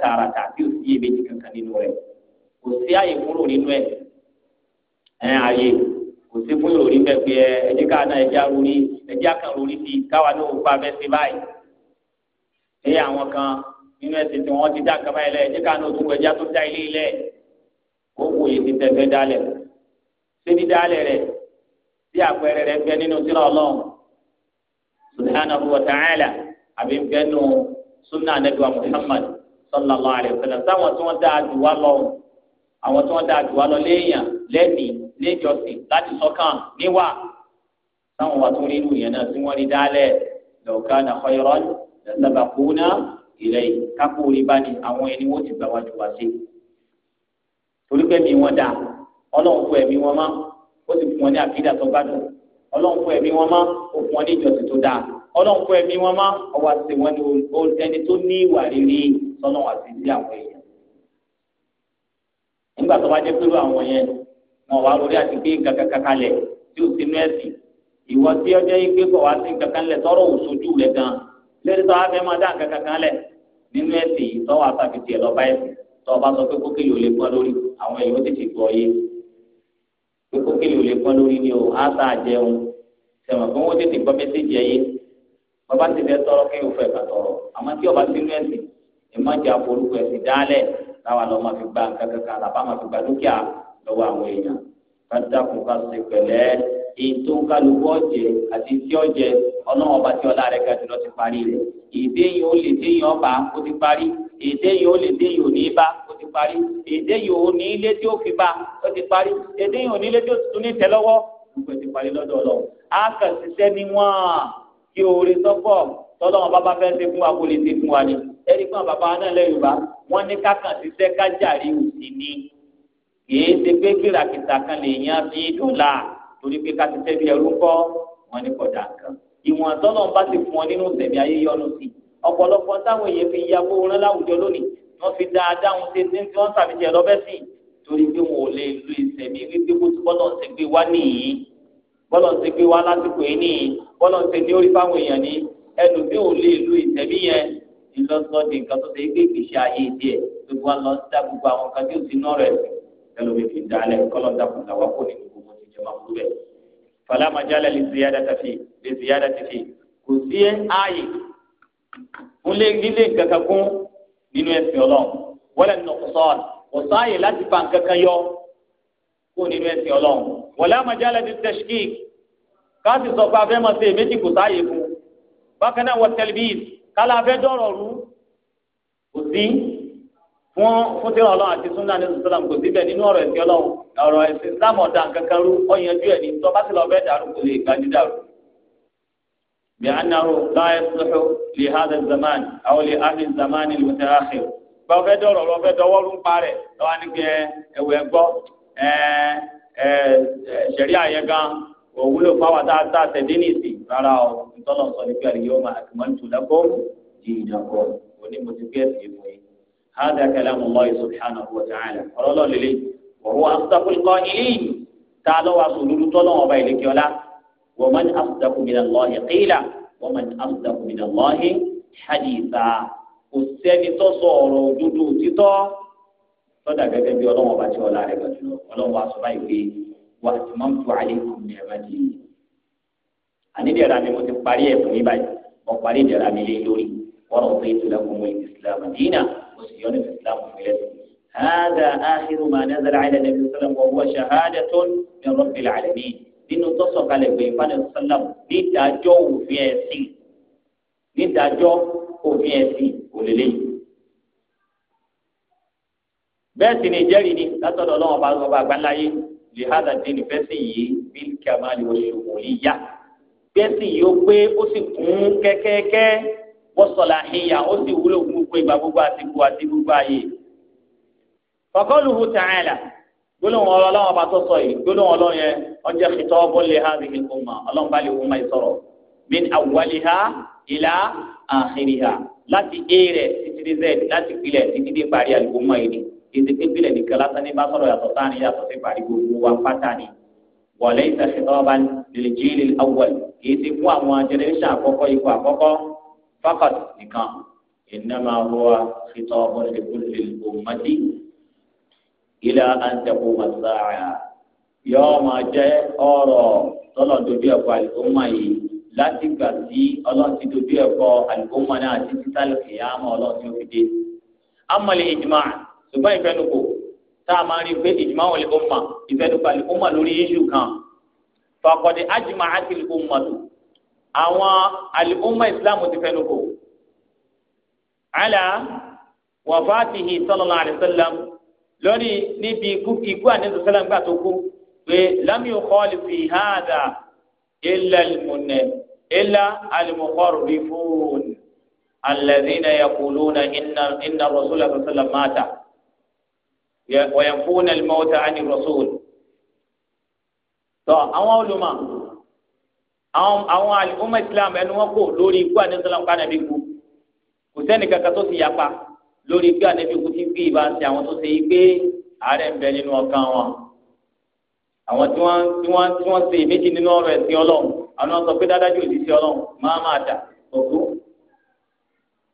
kò sí fún ìròrí pẹpẹ ẹ ẹjẹ ká náà ẹjẹ arúrí ẹjẹ akàn rúrí sí i káwa ní òkú abẹ sí báyìí ẹ àwọn kan nínú ẹsìn tí wọn ti dá kaba yìí lẹ ẹjẹ ká náà òtún ẹjẹ tó dá ilé lẹ ó wò yìí ti tẹfẹ dálẹ ṣé dídálẹ rẹ bí àpẹẹrẹ rẹ fẹ nínú sílẹ Ọlọ́run subhanahu wa ta'ala àbí fẹ nù sunna anabi wa Muhammad sallallahu alayhi wa sallam sáwọn tí wọn dáa jù wá níjọsìn láti sọ́kàn níwà táwọn wà tó rí inú yẹn náà tí wọ́n rí dálẹ̀ lọ́ọ̀ká nà kọ́yọ̀rọ́ lẹ́sàbà kúnà ilẹ̀ kápò orí bá ní àwọn ẹni wọ́n ti gbà wájú wá sí. torí pé mi wọn dà ọlọ́run fún ẹ̀mí wọn mọ́ ó sì fún wọn ní àkídà tó gbádùn ọlọ́run fún ẹ̀mí wọn mọ́ ó fún wọn ní ìjọsìn tó dáa ọlọ́run fún ẹ̀mí wọn mọ́ ọwọ́ àti wọn ni ẹni tó ní ìwà rere sọ́nà àti sí àwọn èèyàn. nígbà tó bá jẹ́ pẹ̀lú àwọn yẹn wọn wá lórí àti gbé nǹkan kankan kalẹ̀ tí ò sínú ẹ̀sìn ìwọ tí ọjọ́ yìí gbé kọ̀ wá sí nǹkan kan lẹ̀ tọ́rọ̀ òṣojú rẹ̀ gan lórí tọ́ afẹ́ máa dá nǹkan kankan lẹ̀ nínú ẹ̀sìn yìí tọ́wọ́ àtàkìtì ẹ̀ lọ́ba ẹ̀sìn tọ́ ọba sọ pé kókèlè ò lè pọ́n lórí àwọn èèyàn tètè gbọ́ yé pé kókèlè ò lè pọ́n lórí ni o á sá jẹun sẹ̀wọ̀n fún wọn tètè gbọ́ mẹ́sẹ̀jì ẹ̀yẹ bàbá ti fẹ́ tọrọ kí o fẹ́ ká tọrọ àmọ́ tí ọba sínú ẹ̀sìn ìmọ̀jà forúkọ ẹ̀sìn dálẹ̀ láwa lọ́ọ́ máa fi gba nǹkan kankan lọ́wọ́ àwọn èèyàn ká dákun ká ṣe pẹ̀lẹ́ èyí tó ń kálukú ọ̀jẹ̀ àti tí ọ̀jẹ̀ ọlọ́run ọba tí ọlá rẹ̀ ga jùlọ ti parí rẹ̀ èdè yìí ó lè dé yìí ọba ó ti parí èdè yìí ó lè dé yìí òní bá ó ti parí èdè yìí òní ilé tí ó fi bá ó ti parí èdè yìí òní ilé tí ó tún ní tẹ́lọ́wọ́ gbogbo ti parí lọ́dọ̀ ọlọ́run á kàn ṣiṣẹ́ níwọ̀n kí oore sọ́pọ̀ tọ́lọ́run bàbá fẹ́ ṣe fún wa kó lè ṣe fún wa ni ẹ̀rí fún bàbá náà lẹ́yìn bá wọ́n ní kákan ṣiṣẹ́ kájàrí òsì ni kìí ṣe pé kìràkìtà kan lè yan bí dọ́là torí pé ká ti tẹ́bi ẹrú kọ́ wọn ní kọjá kan ìwọ̀n tọ́lọ̀ ń bá ti fún ọ nínú tẹ̀mí ayé yọnu sí ọ̀pọ̀lọpọ̀ táwọn èèyàn fi ya owó rán láwùjọ lónìí wọ́n fi dáadáa ń ṣe tí wọ́n ṣàfihàn lọ́bẹ̀ sí torí pé wọn ò lè lu ìṣẹ̀mí wípé kó tí bọ́lọ̀ ń ṣe gbé wá nìyí bọ́lọ̀ ń ṣe gbé wá lásìkò yìí nìyí bọ́lọ̀ ń ṣe ní orí fáwọn èèyàn ní ẹnu bí ò lè lu ìṣẹ̀mí yẹn ìlọsọ nǹkan tó ṣe é gbé ìgbésí ayé díẹ̀ gbogbo wa lọ sí dá gbogbo àwọn nǹkan tí ò sí náà rẹ̀ ẹlòmíì fi dalẹ kọlọ dàkún náà wà kó nínú gbogbo ti jẹ màkúrú bẹ fàlámàjálẹ lè ziyada tafi lè ziyada tafi kò sí ẹ ààyè nílé nílé kankan kún nínú ẹsìn Ọlọ́run wọlé nọkùsọọn kò sáàyè láti fa nǹkan kan yọ kó nínú ẹsìn Ọlọ́run wọlé àmàjálẹ ti tẹsíkì káàsì sọ pé afẹ́ mọ̀ sí èméjì kò sáàyè fún bákan náà wọ tẹlifíìsì kálá afẹ́ dọ̀rọ̀ rú kò sí fún fún tí Ọlọ́run àti sunna ní sùsùlám kò síbẹ̀ nínú ọ̀rọ̀ ẹ̀sìn Ọlọ́run ọ̀rọ̀ ẹ̀sìn Islam ọ̀dà kankan rú ọ̀yanjú ẹ̀ ní tọ́ bá ti lọ bẹ́ẹ̀ dàrú kò lè gbájú dàrú. bí anahu láyé sùlùḥù lè ha dé zaman àwọn lè ahli zaman ní lùtẹ́ àkè. bá o fẹ́ dọ̀rọ̀ lọ fẹ́ dọwọ́ ló ń parẹ́ lọ́wọ́ ní kẹ́ ẹ̀wẹ̀ gbọ́ ṣẹ̀rí àyẹ gan òwúlò fáwọn tá a tẹ̀dé ní ìsìn rárá o ìtọ́lọ̀ sọ هذا كلام الله سبحانه وتعالى ọ̀rọ̀ lọ lélẹ̀ wọwọ asudakun kọ ilé tá a lọ wà sòlúlu tọlọ ọba ìlẹkẹ ọlá wọn mọ ní asudakun mi lọ ìkéyìlá wọn mọ ní asudakun mi lọ ìhadìsá kò sẹ́ni tó sọ ọ̀rọ̀ òdodo títọ́ tọdà gẹ́gẹ́ bí ọlọ́run ọba tí ọlá rẹ̀ gbàdúrà ọlọ́run wa sọ báyìí pé wà á ti máa ń tu àlékún ní ẹ̀rọ di ànídẹ̀ẹ́ra mi mo ti parí ẹ̀ fún yín báyìí mo parí ìdẹ̀ra mi lé lórí wọ́n rọ̀ pé ìtura kò mú ìsìlámù dínà. وسيون الإسلام في هذا آخر ما نزل على النبي صلى الله عليه وسلم وهو شهادة من رب العالمين nínú tó sọ̀kalẹ̀ pé ìfàdé sálàm nídàájọ́ òfin ẹ̀sìn nídàájọ́ òfin ẹ̀sìn òlélẹ yìí bẹ́ẹ̀ sì ni ìjẹ́rìí ni látọ̀dọ̀ Ọlọ́run ọba ọba àgbáńláyé lè hádà dín ní fẹsẹ yìí bí kàmáàlì oṣù òní yá fẹsẹ yìí ó pé ó sì kún kẹkẹkẹ wọ́n sọ̀lá àhíyà ó sì wúlò fún gbogbo ìgbà gbogbo àsìkò àti gbogbo ààyè. faqaluhu ta'ala gbólóhùn ọlọ́run ọba tó sọ yìí gbólóhùn ọlọ́run yẹn ọjọ́ khitabun li hadhihi al-umma ọlọ́run bá lè wọ́n máa sọ̀rọ̀ min awwaliha ila akhiriha láti a rẹ̀ títí dé z láti pilẹ̀ títí dé parí al-umma yìí ni ìdíkẹ́ pilẹ̀ nìkan lásán ní bá yàtọ̀ sáà ní yàtọ̀ sí parí gbogbo wa pátá ni wọ̀lẹ́ ìtàkìtọ́ ọba lil jil al-awwal kì í ti fún àwọn generation àkọ́kọ́ ikọ̀ àkọ́kọ́ faqat nìkan innama huwa khitabun li kulli ummati ila an taquma as-sa'a yóò máa jẹ́ ọ̀rọ̀ tọ́lọ̀ dojú ẹ̀kọ́ àlùkòmá yìí láti gbà tí ọlọ́run ti dojú ẹ̀kọ́ àlùkòmá náà àti títà lókè yá mọ́ ọlọ́run tí ó fi dé. amọ̀lẹ̀ ìjùmọ̀ ṣùgbọ́n ìfẹ́nukò tá a máa rí pé ìjùmọ̀ àwọn ọmọ ìfẹ́nukò àlùkòmá lórí yíṣù kan fàkọ̀dé ájùmọ̀ àti ọmọ tó àwọn alùpùpù islam ti fẹnu kò ala wàfàtìhì sallallahu alaihi wasallam lórí níbi ikú ikú àdéhùn sọlá gbà tó kú pé lam yukhalifi hadha illa almunna illa almuqarrifun alladhina yaquluna inna inna rasula sallallahu mata wa yanfuna almauta ani rasul. tọ́ àwọn olùmọ̀ àwọn àwọn ọmọ islam ẹnu wọn kò lórí ikú àdéhùn ká nàbí kú kò sẹ́ni kankan tó ti yapa lórí ikú ànábì kú ti gbé ibà sí àwọn tó ṣe yí pé àárẹ̀ ń bẹ nínú ọkàn wọn àwọn tí wọ́n tí wọ́n tí wọ́n ṣe méjì nínú ọ̀rọ̀ ẹ̀sìn ọlọ́run àwọn sọ pé dádájú òdì sí ọlọ́run máa máa dà òkú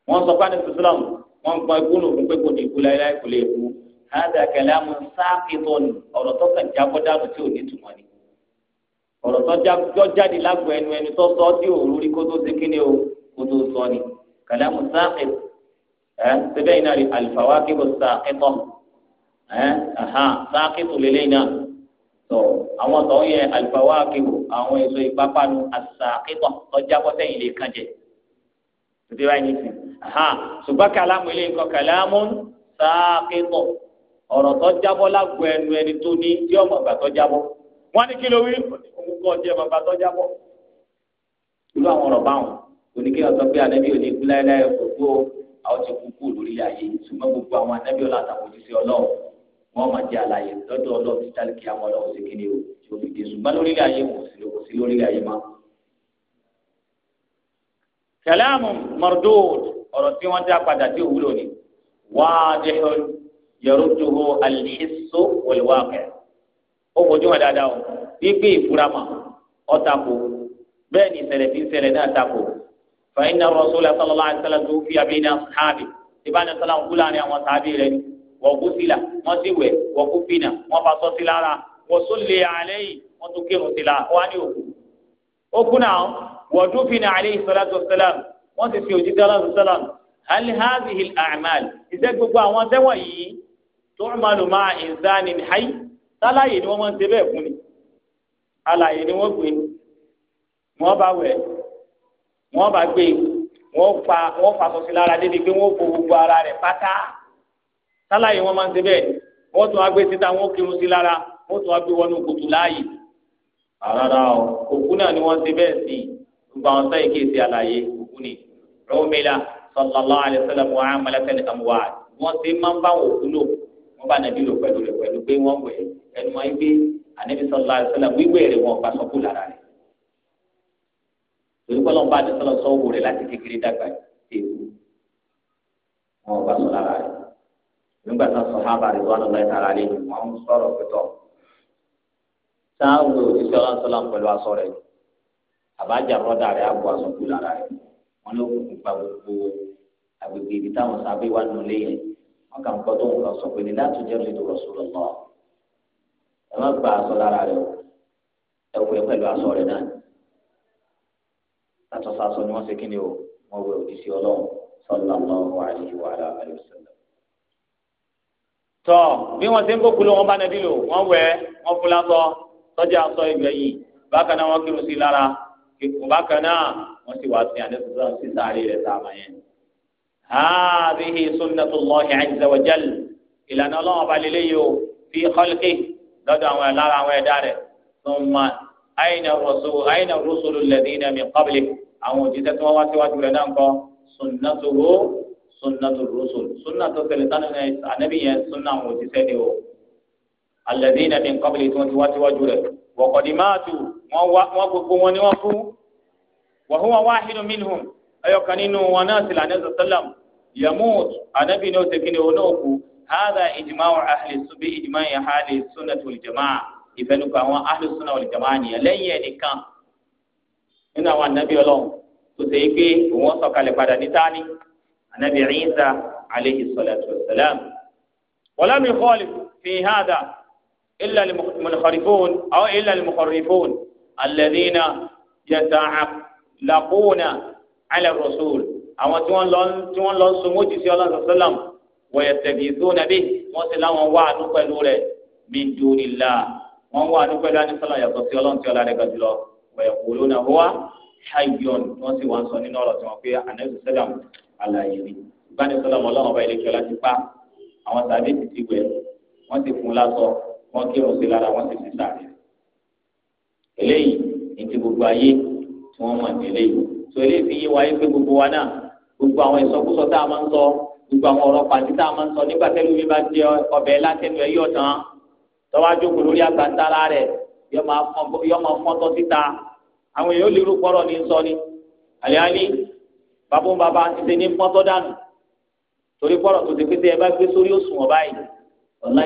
wọ́n sọ pé àdéhùn islam wọ́n ikú lòkun pé kò ní ikú láéláé kò lè kú hádà kẹlẹ́ àmú ọ̀rọ̀ tó kàn jábọ́ dànù tí ọ̀rọ̀ tó jáde lágbo ẹnu ẹni tó sọ tí òru rí kó tó ṣe kíni o kó tó sọ ni kàlámù sáàkìb ẹ síbẹ̀ yìí náà rí àlùfáwá kí bó sáàkìtọ̀ ẹ ẹhàn sáàkìtù lélẹ́yìn náà tó àwọn tó ń yẹ àlùfáwá kí bó àwọn èso ìpápánu àsàkìtọ̀ tó jábọ́ sẹ́yìn lè kàn jẹ tètè báyìí ní sìn ẹhàn ṣùgbọ́n kàlámù ilé nǹkan kàlámù sáàkìtọ̀ ọ̀rọ̀ tó lágbo ẹnu ẹni tó ní tí wọ́n ní kí ló wí òun kọ́ ọjọ́ bàbá tó jábọ̀ irú àwọn ọ̀rọ̀ báwọn oníkéyàn sọ pé anabi ò ní kú láéláé gbogbo àwọn ti kú kú lórí ayé ṣùgbọ́n gbogbo àwọn anabi ọ̀la àtàkùnjù sí ọlọ́run wọ́n máa jẹ́ àlàyé lọ́dọ̀ ọlọ́run títí àlùkí àwọn ọlọ́run ṣe kíni o tí ó fi dé ṣùgbọ́n lórí ayé wọn kò sí lórí ayé máa. kẹlẹ́mù mọ̀rọ̀dọ́ọ̀d ọ̀rọ̀ tí wọ́n dá padà tí òwúlò ni wáá dẹ́hùn yẹrù tó ó fojú hàn dáadáa o wípé ìfurama ọ̀tàkù bẹ́ẹ̀ ni ìṣẹ̀lẹ̀ tí ń ṣẹlẹ̀ náà takò fàyín náà rọ́ṣọ́lá sọlọ́lá àṣẹlẹ̀ tó fi abẹ́yìn náà sáábì ìbáná sọlá ń kú láàrin àwọn sáábì rẹ ni wọ́n kú sílà wọ́n sì wẹ̀ wọ́n kú fínà wọ́n fa sọ́sí lára wọ́n sún lè alẹ́ yìí wọ́n tún kírun sílà wọ́n á ní òkú. ó náà wọ́n tún fínà alẹ́ ìsọlátọ̀ sẹ́lám wọ́n ti fi òjijì aláṣọ sẹ́lám alihazi àmàl iṣẹ́ gbogbo àwọn tẹ́wọ̀n yìí tó ń malùmá ìzánì ní hayy sálàyé ni wọ́n máa ń ṣe bẹ́ẹ̀ fún ni alàyè ni wọ́n gbé wọ́n bá wẹ̀ wọ́n bá gbé wọ́n fa wọ́n fa sọ̀sí lára débi pé wọ́n fo gbogbo ara rẹ̀ pátá sálàyé wọ́n máa ń ṣe bẹ́ẹ̀ wọ́n tún wá gbé síta wọ́n kírun sí lára wọ́n tún wá gbé wọnú kùtù láàyè rárá o òkú náà ni wọ́n ṣe bẹ́ẹ̀ sí gbogbo àwọn sẹ́yìn kì í ṣe àlàyé òkú ni rọ́ọ̀mẹ́lá sallallahu alaihi wasallam muhammed sẹ́ni amuwa wọ́n ti máa ń bá wọn òkú lò wọn bá nàbí lò pẹ̀lú rẹ̀ pẹ̀lú pé wọ́n wẹ̀ ẹnu wọn gbé ànábi sọlá sọlá wíwẹ̀ rẹ̀ wọn bá sọ́kù lára rẹ̀ torí pé ọlọ́run bá àti sọlá sọ wò rẹ̀ láti kékeré dàgbà èkó wọn bá sọ lára rẹ̀ nígbà tá a sọ hábà rẹ̀ wọn lọ́ọ́ ìtara rẹ̀ wọn ń sọ̀rọ̀ pẹ̀tọ̀ sáà wọ òṣìṣẹ́ ọlọ́run sọlá pẹ̀lú aṣọ rẹ̀ àbájá rọ́dà rẹ̀ àbọ̀ aṣọ lára rẹ̀ wọn ló kún gba gbogbo agbègbè ibi táwọn sábẹ́ wà nù lẹ́yìn wọn kà ń gbọ́ tó nǹkan sọ pé ní láti jẹ́ lè dúró sọ̀rọ̀ lọ. ẹ má gba aṣọ lára rẹ o ẹ wọ pẹ̀lú aṣọ rẹ náà. látọ̀ sàṣọ ni wọ́n ṣe kí ni o wọ́n wẹ òdì sí ọlọ́run sallallahu alaihi wa ala alihi wasallam. tọ́ bí wọ́n ṣe ń bókú ló wọ́n bá nàbí lò wọ́n wẹ̀ wọ́n fúnra sọ sọ́jà sọ ìgbẹ̀yìn bákan náà wọ́n kírun sí lára bákan náà wọ́n sì wá sí àdéhùn sísáré rẹ̀ sáà máa yẹn. هذه سنة الله عز وجل إلى أن الله بالليل في خلقه لدى ولا وداره ثم أين الرسول أين الرسل الذين من قبلك أو جدت ووات وجلنا سنته سنة الرسل سنة سلطان النبي سنة وجسده الذين من قبل توات وجله وقد ماتوا وقبوا ونوفوا وهو واحد منهم ẹyọkan nínú wọn náà sì lànà sọsọlám yamut anabi ní oṣù kìnìún olóòkú hàdà ìjìmáwò ahli subi ìjìmá yẹn hàlẹ sunna tó lè jama ìfẹnukọ àwọn ahli sunna wal jama nìyẹn lẹ́yìn ẹnìkan nínú àwọn anabi Ọlọ́run tó ṣe é pé òun sọ̀kalẹ̀ padà ní tání anabi Isa aleyhi sọlẹtù sọlẹm wọlámi kọlì fi hàdà ilà mùkọrìfún àwọn ilà mùkọrìfún alẹ́ nínà yẹtà àkùnà ala rasul àwọn tí wọ́n lọ tí wọ́n lọ so wọ́n ti sí ọlọ́run sọ́lọ́m wọ̀yẹ̀ tẹ̀bí tó nàbí wọ́n ti láwọn wá àánú pẹ̀lú rẹ̀ min dunillah wọ́n wá àánú pẹ̀lú anisọ́lá yàtọ̀ sí ọlọ́run tí ọlá rẹ̀ gàdú lọ wọ̀yẹ̀ kúrò náà wọ́n hayyun wọ́n sì wá ń sọ nínú ọ̀rọ̀ tí wọ́n pé anabi sọ́lọ́m alaye ni ìbáni sọ́lọ́m ọlọ́run ọba ilé sọ̀rọ̀ èyí fi yé wa yé pé gbogbo wa náà gbogbo àwọn ìsọkúsọ tá a máa ń sọ gbogbo àwọn ọ̀rọ̀ pàtí tá a máa ń sọ nígbà tẹ́lú mi bá jẹ ọbẹ̀ látẹnu ẹ̀ yọ̀ tán tọ́wájú kò lórí àgbàntara rẹ̀ yọ máa fọ́n tọ́ síta àwọn èèyàn lè rúkọ ọ̀rọ̀ ní sọ ni àlẹ́álí bàbá ń bàbá ti ṣe ní fọ́n tọ́ dànù torí pọ́rọ̀ tó ti pété ẹ bá gbé sórí òṣùwọ̀n báyìí ọ̀la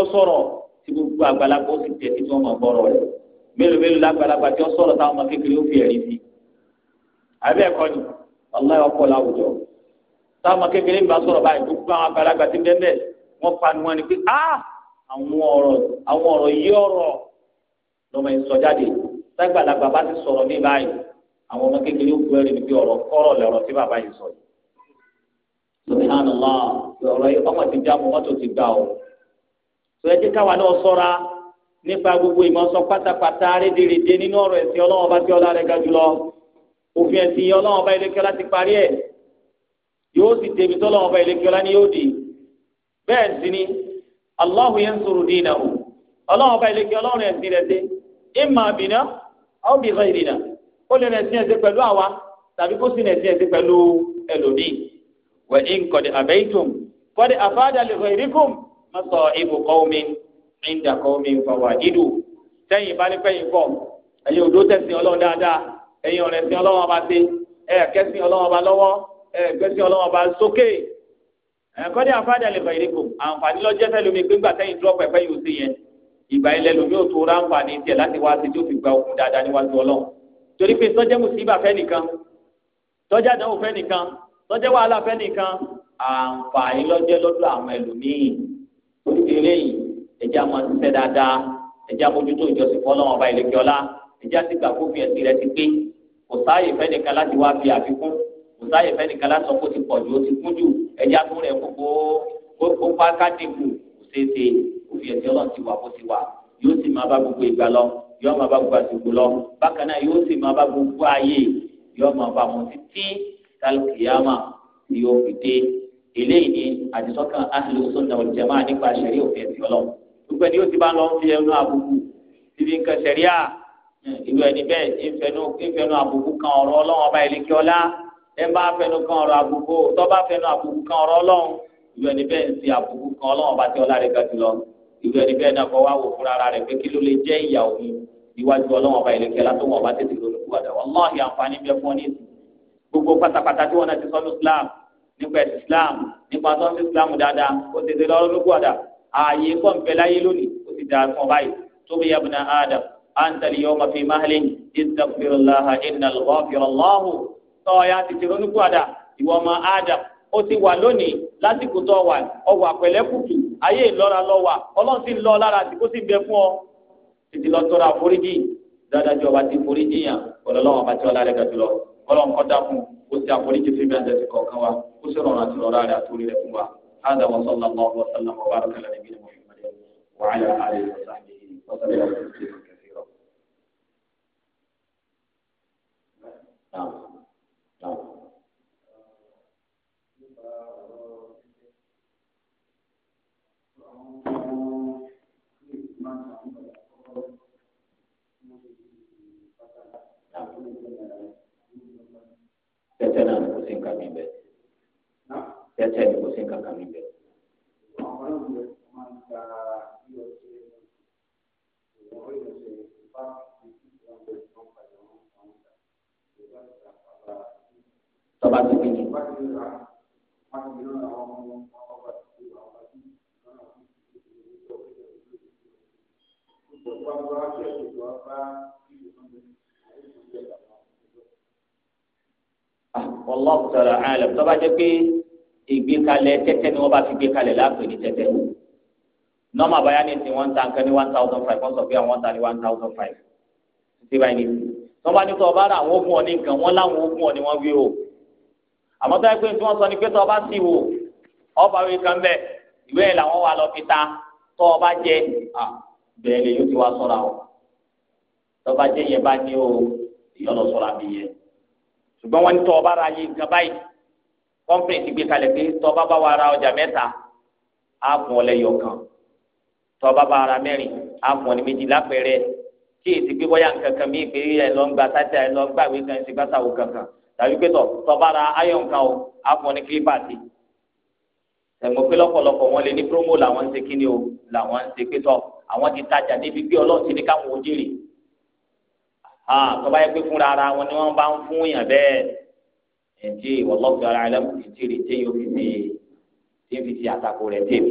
ìkò tí gbogbo àgbàlagbà ó sì tẹ̀ sí tí wọ́n máa gbọ́rọ̀ rẹ̀ mélòó mélòó lágbàlagbà tí wọ́n sọ̀rọ̀ táwọn ọmọ kékeré ó fi ẹ̀rí sí àbẹ́ ẹ̀kọ́ ni ọláyà ọkọ̀ láwùjọ táwọn ọmọ kékeré bá sọ̀rọ̀ báyìí gbogbo àwọn àgbàlagbà ti bẹ́ẹ̀ wọ́n panu wọn ni pé ah àwọn ọ̀rọ̀ àwọn ọ̀rọ̀ yí ọ̀rọ̀ lọ́mọ yìí jáde tágbàlagbà bá ti sọ̀rọ̀ ní báyìí àwọn ọmọ kékeré ó gbẹ́rẹ́ ni pé ọ̀rọ̀ kọ́rọ̀ lọ̀rọ̀ tí bàbá yìí sọ yìí. subhanallah ọ̀rọ̀ yìí ọmọ ti sọ̀rọ̀ jẹ́ káwa náà sọ́ra nípa gbogbo ìmọ̀sán pátápátá rédèrèdè nínú ọ̀rọ̀ ẹ̀sìn ọlọ́run ọba tí ọlá rẹ̀ ga jùlọ òfin ẹ̀sìn ọlọ́run ọba ilé kíọ́lá ti parí ẹ̀ yóò sì tèmi tọ́lọ́run ọba ilé kíọ́lá ni yóò dì bẹ́ẹ̀ sì ni Allahu yansuru dinahu ọlọ́run ọba ilé kíọ́lá ọ̀rọ̀ ẹ̀sìn rẹ̀ dé imma bina aw bi ẹ̀sìn rẹ̀ ẹ̀sìn ẹ̀sìn pẹ̀lú ẹlòmíì mọ́tò ibùkọ́ omi ìdàkọ́ omi ìfọwà dídù sẹ́yìn ìbánipẹ́yìn fọ́ ẹ̀yin òdó tẹ̀sìn ọlọ́run dáadáa ẹ̀yin ọ̀rẹ́ sìn ọlọ́run ọba sí ẹ̀ kẹ́sìn ọlọ́run ọba lọ́wọ́ ẹ̀ gbẹ́sìn ọlọ́run ọba sókè ẹ̀kọ́dé àfáàdà lè bẹ̀rẹ̀ kò àǹfààní lọ́jẹ́ fẹ́lómi gbígbà sẹ́yìn dúrọ́pù ẹ̀fẹ́ yóò ṣe yẹn ìgbà ilẹ̀ lómi ò tó ráǹfààní tiẹ̀ láti wá sí tí ó fi gba okun dáadáa níwájú ọlọ́run torí pé sọ́jẹ́ mùsíbà fẹ́ nìkan sọ́jẹ́ àdánwò fẹ́ nìkan sọ́jẹ́ wàhálà fẹ́ nìkan àǹfààní lọ́jẹ́ lọ́dọ̀ àwọn ẹlòmíì òtítì eléyìí ẹja máa ń ṣiṣẹ́ dáadáa ẹja mójútó ìjọsìn fọlọ́wọn ọba ìlẹ̀kẹ́ ọlá ẹja ti gbà fófin ẹ̀sìn rẹ ti pé kò sáàyè fẹ́nìkan láti wá fi àfikún kò sáàyè fẹ́nìkan láti sọ pé ó ti pọ̀ jù ó ti kún jù ẹja tún rẹ̀ gbogbo ó pàkà dínkù kò ṣeéṣe òfin ẹ̀sìn ọlọ́run ti wà bó ti wà yóò sì máa bá gbogbo ìgbà lọ yóò máa bá gbogbo àsìkò lọ bákan náà yóò sì máa bá gbogbo ayé yóò máa bá wọn títí tálùkìyàmà ni yóò eléyìí ni àdìsọ́kàn ahlu sunna wal jamaa nípa sẹ̀rí òfin ẹ̀sìn ọlọ́ gbogbo ẹni yóò ti bá lọ ń fi ẹnu àbùkù ibi nǹkan sẹ̀ríà ìlú ẹni bẹ́ẹ̀ ìfẹnu àbùkù kan ọ̀rọ̀ ọlọ́run ọba ìlẹ́kẹ́ ọlá ẹ bá fẹnu kan ọ̀rọ̀ àbùkù tó fẹnu àbùkù kan ọ̀rọ̀ ọlọ́run ìlú ẹni bẹ́ẹ̀ ń fi àbùkù kan ọlọ́run ọba tí ọlá rẹ̀ ga jùlọ ìlú ẹni bẹ́ẹ̀ náà fọwọ́ wò fúnra rẹ̀ pé kí ló lè jẹ́ ìyà òun níwájú ọlọ́run ọba ìlẹ́kẹ́ ọlá wọn ọba tètè lórí kúwàdà wọn náà àǹfààní bẹ fún ọ ní gbogbo pátápátá tí wọn náà ti sọ ní nípa islam nípa sọ́ọ̀sì islam dáadáa ó ti ṣe lọ́rọ́ ló gbọ́dà ààyè kọ́ ń bẹ láyé lónìí ó ti dàrú fún ọ tó bí adam anta al-yawma fi mahlin istaghfirullah innal ghafira Allah tọ́ọ̀yà ti ṣe lọ́rọ́ ló ìwọ ọmọ adam ó ti wà lónìí lásìkò tó wà ọwà pẹ̀lẹ́kùtù ayé ìlọ́ra lọ́wà ọlọ́run ti ń lọ lára ó ti àforíjì fún ìbílẹ̀ àti kọ̀ọ̀kan wa ó sì rọrùn àti rọra rẹ̀ àtúrí rẹ̀ fún wa hádà wọn sọlá lọ wọn sọlá wọn bára kálá níbi ní Muhammad wa ala alihi wa sahbihi wa sallam Thank you. nǹkan mi bẹ tẹ́tẹ́ ni kò sí nǹkan kan mi bẹ. tọ́ba ti bí ni. Thank wallahu ta'ala alam tó bá jẹ́ pé ìgbékalẹ̀ tẹ́tẹ́ ni wọ́n bá fi gbékalẹ̀ láàpẹ̀ ní tẹ́tẹ́ nọ́ọ̀mù àbáyá ní ti wọ́n ta nǹkan ní one thousand five wọ́n sọ pé àwọn ta ní one thousand five ṣé báyìí ní tó bá ní tó ọba rà àwọn ogun ọ̀ní nǹkan wọ́n láwọn ogun ọ̀ní wọ́n wí o àmọ́ tó yẹ pé tí wọ́n sọ ni pé tó ọba sì wò ọba wí kan bẹ́ẹ̀ ìwé ẹ̀ làwọn wà lọ fi ta tó ọba jẹ bẹ́ẹ̀ lè yóò ti wá sọ́ra o tó ọba jẹ yẹn bá ní o ìyọ́nà sọ́ra mi yẹn ṣùgbọ́n wọ́n ní tọ́ ọba ra yé nǹkan báyìí kọ́ńpìnì ti gbé kalẹ̀ pé tọ́ ọba bá wa ra ọjà mẹ́ta á fún ọ lẹ́yọ kan tọ́ ọba bá ra mẹ́rin á fún ọ ní méjì lápẹẹrẹ tí èsì gbé bọ́yà nǹkan mí pé ẹ lọ ń gba sátẹ ẹ lọ ń gbà wí kan ẹ sì gbà sàwò kankan tàbí pé tọ́ tọ́ ra ayọ̀ nǹkan o á fún ọ ní kílípà ẹ̀mọ́ pé lọ́pọ̀lọpọ̀ wọn lè ní promo làwọn ń ṣe kíni o làwọn ń ṣe pé tọ́ àwọn ti tajà níbi bí ọlọ́run ti ní káwọn ojèrè tọ́ba yẹ pé fúnra ara wọn ni wọ́n bá ń fún yàn bẹ́ẹ̀ ẹ̀ǹtí ìwọ̀lọ́gbọ̀ ara rẹ̀ mú ti tèrè tí yóò fi ṣe tí fi ṣe àtakò rẹ̀ tèmi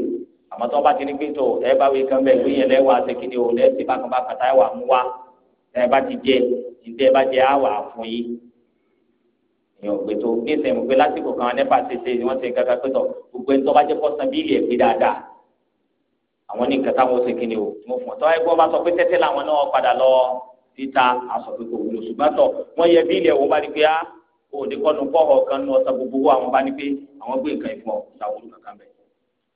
àmọ́ tọ́ba ti ní pé tó ẹ bá wí kan bẹ́ẹ̀ gbéyẹn lẹ́wọ̀ àtẹ̀kìnì ò lẹ́sìn bákan bákan táyà wà mú wá ẹ bá ti jẹ ìdí ẹ bá jẹ àwà fún yìí èèyàn ò gbé tó ní ìsẹ̀mù pé lásìkò kan nípa ṣẹṣẹ ni wọ́n ṣe kankan pé tọ̀ gbogbo ẹni tó bá jẹ́ kọ́sán bíìlì ẹ̀ dáadáa àwọn ní nǹkan táwọn ṣe kíni o fún ọ tọ́ ẹ gbọ́ bá sọ pé tẹ́tẹ́ làwọn náà padà lọ títa aṣọ pé kò wúlò ṣùgbọ́n tọ̀ wọ́n yẹ bí ilẹ̀ wọ́n bá ní pé á kò ní kọ́nu kọ́họ̀ kan nu ọ̀sán gbogbo àwọn bá ní pé àwọn gbé nǹkan ìfọ̀ ìtawọ́lù kankan bẹ̀.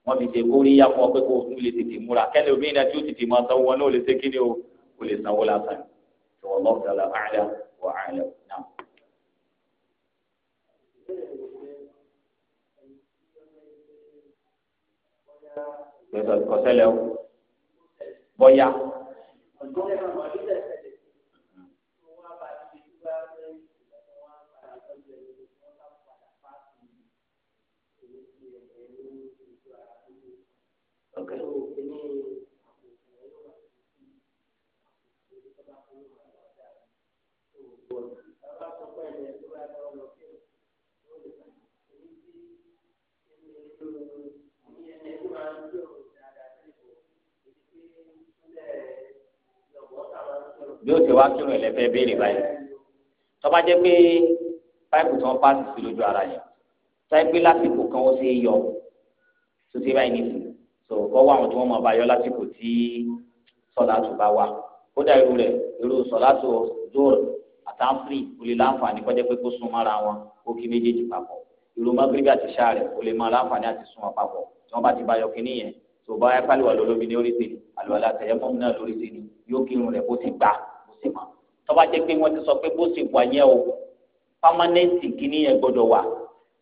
wọ́n fi ṣe kórí yá fún ọ pé kò tún lè tètè múra kẹ́lẹ́ omi iná tí ó tètè máa sanwó náà lè ṣe kí ni o kò lè sanwó lásán ìwọ bí ó ti wá kírun ẹlẹfẹ béèrè báyìí tọ́ba jẹ́ pé páìpù tí wọ́n pàṣẹ sí lójú ara yẹn táìpé lásìkò kan ó ṣe é yọ tó ṣe báyìí nìsín so kọ́ wá àwọn tí wọ́n máa bá yọ lásìkò tí sọ́láàtù bá wà kódà irú rẹ̀ irú sọ́láàtù dóòr àtàǹfìrì kò lè láǹfààní kọjá pé kó sún mọ́ra wọn kó kí méjèèjì papọ̀ irú magrebi àti sáré kò lè máa láǹfààní àti sún wọn papọ̀ tí wọ́n bá ti bá yọ kínní yẹn tó bá yẹ pálíwà lólómi ní orí tèmi àlùwàlá àtẹ̀yẹmọ́mù náà lórí tèmi yóò kírun rẹ̀ bó ti gbà bó ti mọ̀ tọ́ba jẹ́ pé wọ́n ti sọ pé bó ti wà yẹn o pámánẹ́ǹtì kínní yẹn gbọ́dọ̀ wà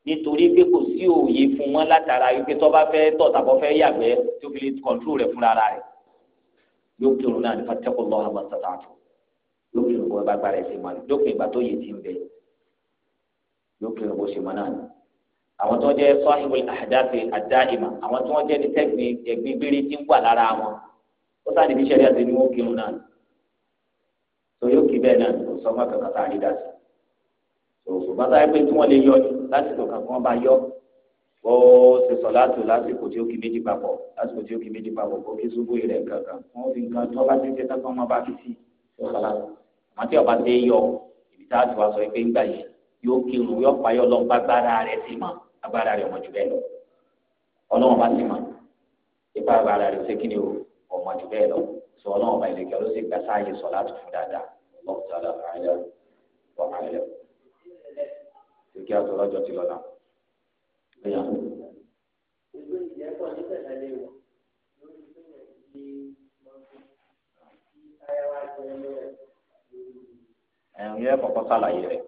nítorí pé kò sí òye fún wọn látara wípé tó bá fẹ́ tọ̀ tàbọ̀ fẹ́ yàgbẹ́ tó fi lè kọ̀ǹtúrò rẹ̀ fúnra rẹ̀ yóò kí òun náà nípa tẹ́kọ̀ lọ́wọ́ àwọn sọ̀tàn àtò yóò kí òun bó bá gbára ẹ̀sìn mọ́ lópin ìgbà tó yẹ ti ń bẹ yóò kí òun bó ṣe mọ́ náà ni. àwọn tó ń jẹ́ sahibul ahdath ad-da'ima àwọn tó ń jẹ́ ní tẹ́gbìn ẹ̀gbìn gbére ti ń wà lára wọn ó sáà níbi iṣẹ́ rí àti ní wọ́n kí òun náà ni. tó yóò kí bẹ́ẹ̀ náà kò sọ fún akẹ́kọ̀ọ́ ni lásìkò kan kí wọ́n bá yọ ó ṣe sọ láti lásìkò tí ó kì méjì papọ̀ lásìkò tí ó kì méjì papọ̀ kó kí ṣubú rẹ̀ kankan wọ́n fi nǹkan tó bá ti tẹ́tà kán máa bá fi sí sọ́sọ́lá àmọ́ tí ọba tẹ́ yọ ibi tá a ti wá sọ pé ńgbà yìí yóò kírun yóò payọ́ lọ gbàgbára rẹ̀ sí mọ́ agbára rẹ̀ ọmọdé bẹ́ẹ̀ lọ ọlọ́run bá sí mọ́ ipa agbára rẹ̀ ṣé kí ni o ọmọdé bẹ́ẹ̀ lọ sọ ọlọ́run bá ilé kẹ́ ló sì gbà sáàyè sọ láti fún dáadáa ọlọ́run tó kí a tọrọ ọjọ́ ti lọ náà. ẹyà. ẹ̀yìn yẹn kọ́kọ́ sàlàyé rẹ̀.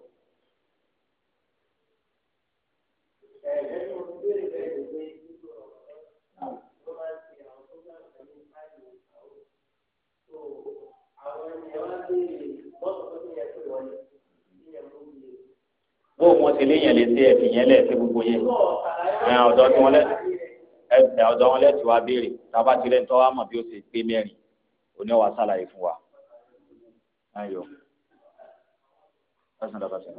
ẹ ọ̀dọ̀ tí wọ́n lẹ́ ẹ ọ̀dọ̀ wọn lẹ́tì wá béèrè tába tirẹ̀ ń tọ́wọ́ àmọ̀ bí ó ṣe pé mẹ́rin òní wàá sàlàyé fún wa. ayọ̀ lọ́sàn-án dábàá sẹ́yìn.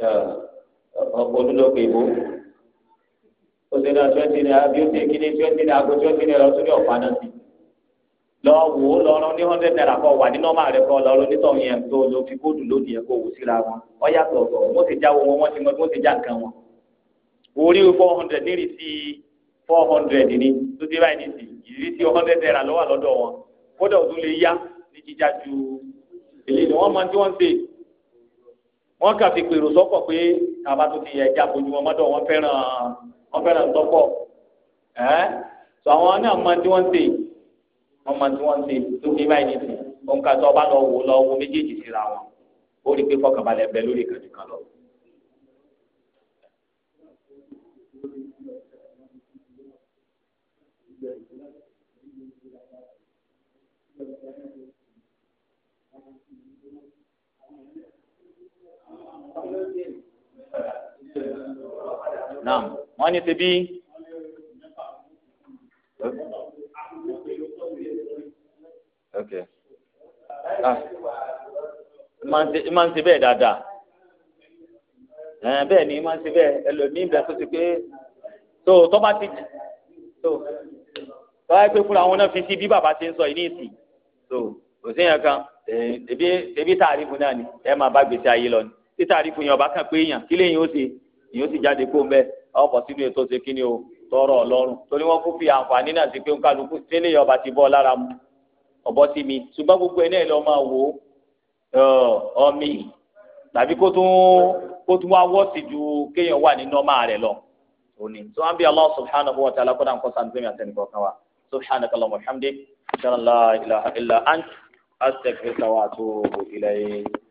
yeah ọkọ olùdókè ìbò ó ṣe náà twenty naira bí ó ṣe kíni twenty naira ago twenty naira ọtún ní ọ̀pá náà sí lọ wò ó lọ́rùn ní hundred naira kọ wà ní normal rẹ kọ lọ́rùn nítorí yẹn tó lọ fi kóòdù lónìí yẹn kó wò síra wọn ọ yàtọ̀ ọ̀tọ̀ wọ́n ti jáwọ́ wọn wọ́n ti mọ wọ́n ti já nǹkan wọn orí four hundred nírì sí four hundred ní tó dé báyìí nìsí ìrírí sí hundred naira lọ́wọ́ lọ́dọ̀ wọn kódà òtún lè yá ní jíjá ju èyí ni wọ́n máa ń tí wọ́n ń ṣe wọ́n kà fi pèrò sọ́pọ̀ pé àbá tó ti yẹ ẹja fojú wọn mọ́tò wọn fẹ́ràn wọn fẹ́ràn sọ́pọ̀ ẹ́ sọ àwọn náà máa tí wọ́n ń ṣe wọ́n máa tí wọ́n ń ṣe tó ti báyìí nìyí wọn kà tó ọba lọ wò lọ wo méjèèjì síra wọn ó rí i pé fọkànbalẹ̀ bẹ lórí ìkànnì kan lọ. Thank you. náà wọ́n ní ok bí. Ah. máa ń ṣe bẹ́ẹ̀ dáadáa bẹ́ẹ̀ ni máa ń ṣe bẹ́ẹ̀ ẹlòmíín bẹ́ẹ̀ tó ti pé tó tó bá ti tó tó bá pé fúnra wọn náà fi sí bí bàbá ṣe ń sọ yìí ní ìsìn tó kò sí yẹn kan ebi ebi taarifu náà ni ẹ máa bá gbèsè ayé lọ ni tí taarifu yẹn ọba kan pé èèyàn kí lèyìn ó ṣe ìyóò sì jáde kó mbẹ ọ̀pọ̀ sínú ètò ṣe kí ni o tọrọ ọlọ́run torí wọ́n kún fi àǹfààní náà sí pé ń kálukú tẹ́lẹ̀ ọba ti bọ́ lára mu ọ̀bọ sí mi ṣùgbọ́n gbogbo ẹ̀ náà lọ máa wò ó ọmí tàbí kó tún kó tún wá sí ju kéèyàn wà ní nọ́mà rẹ̀ lọ òní tó wá bí Allah subhanahu wa ta'ala kọ́dà nǹkan sàn fẹ́mi àtẹnìkọ́ kan wa subhanaka Allahumma wa bihamdik ṣe ń la ilaha illa ant astaghfiruka wa atubu ilayk.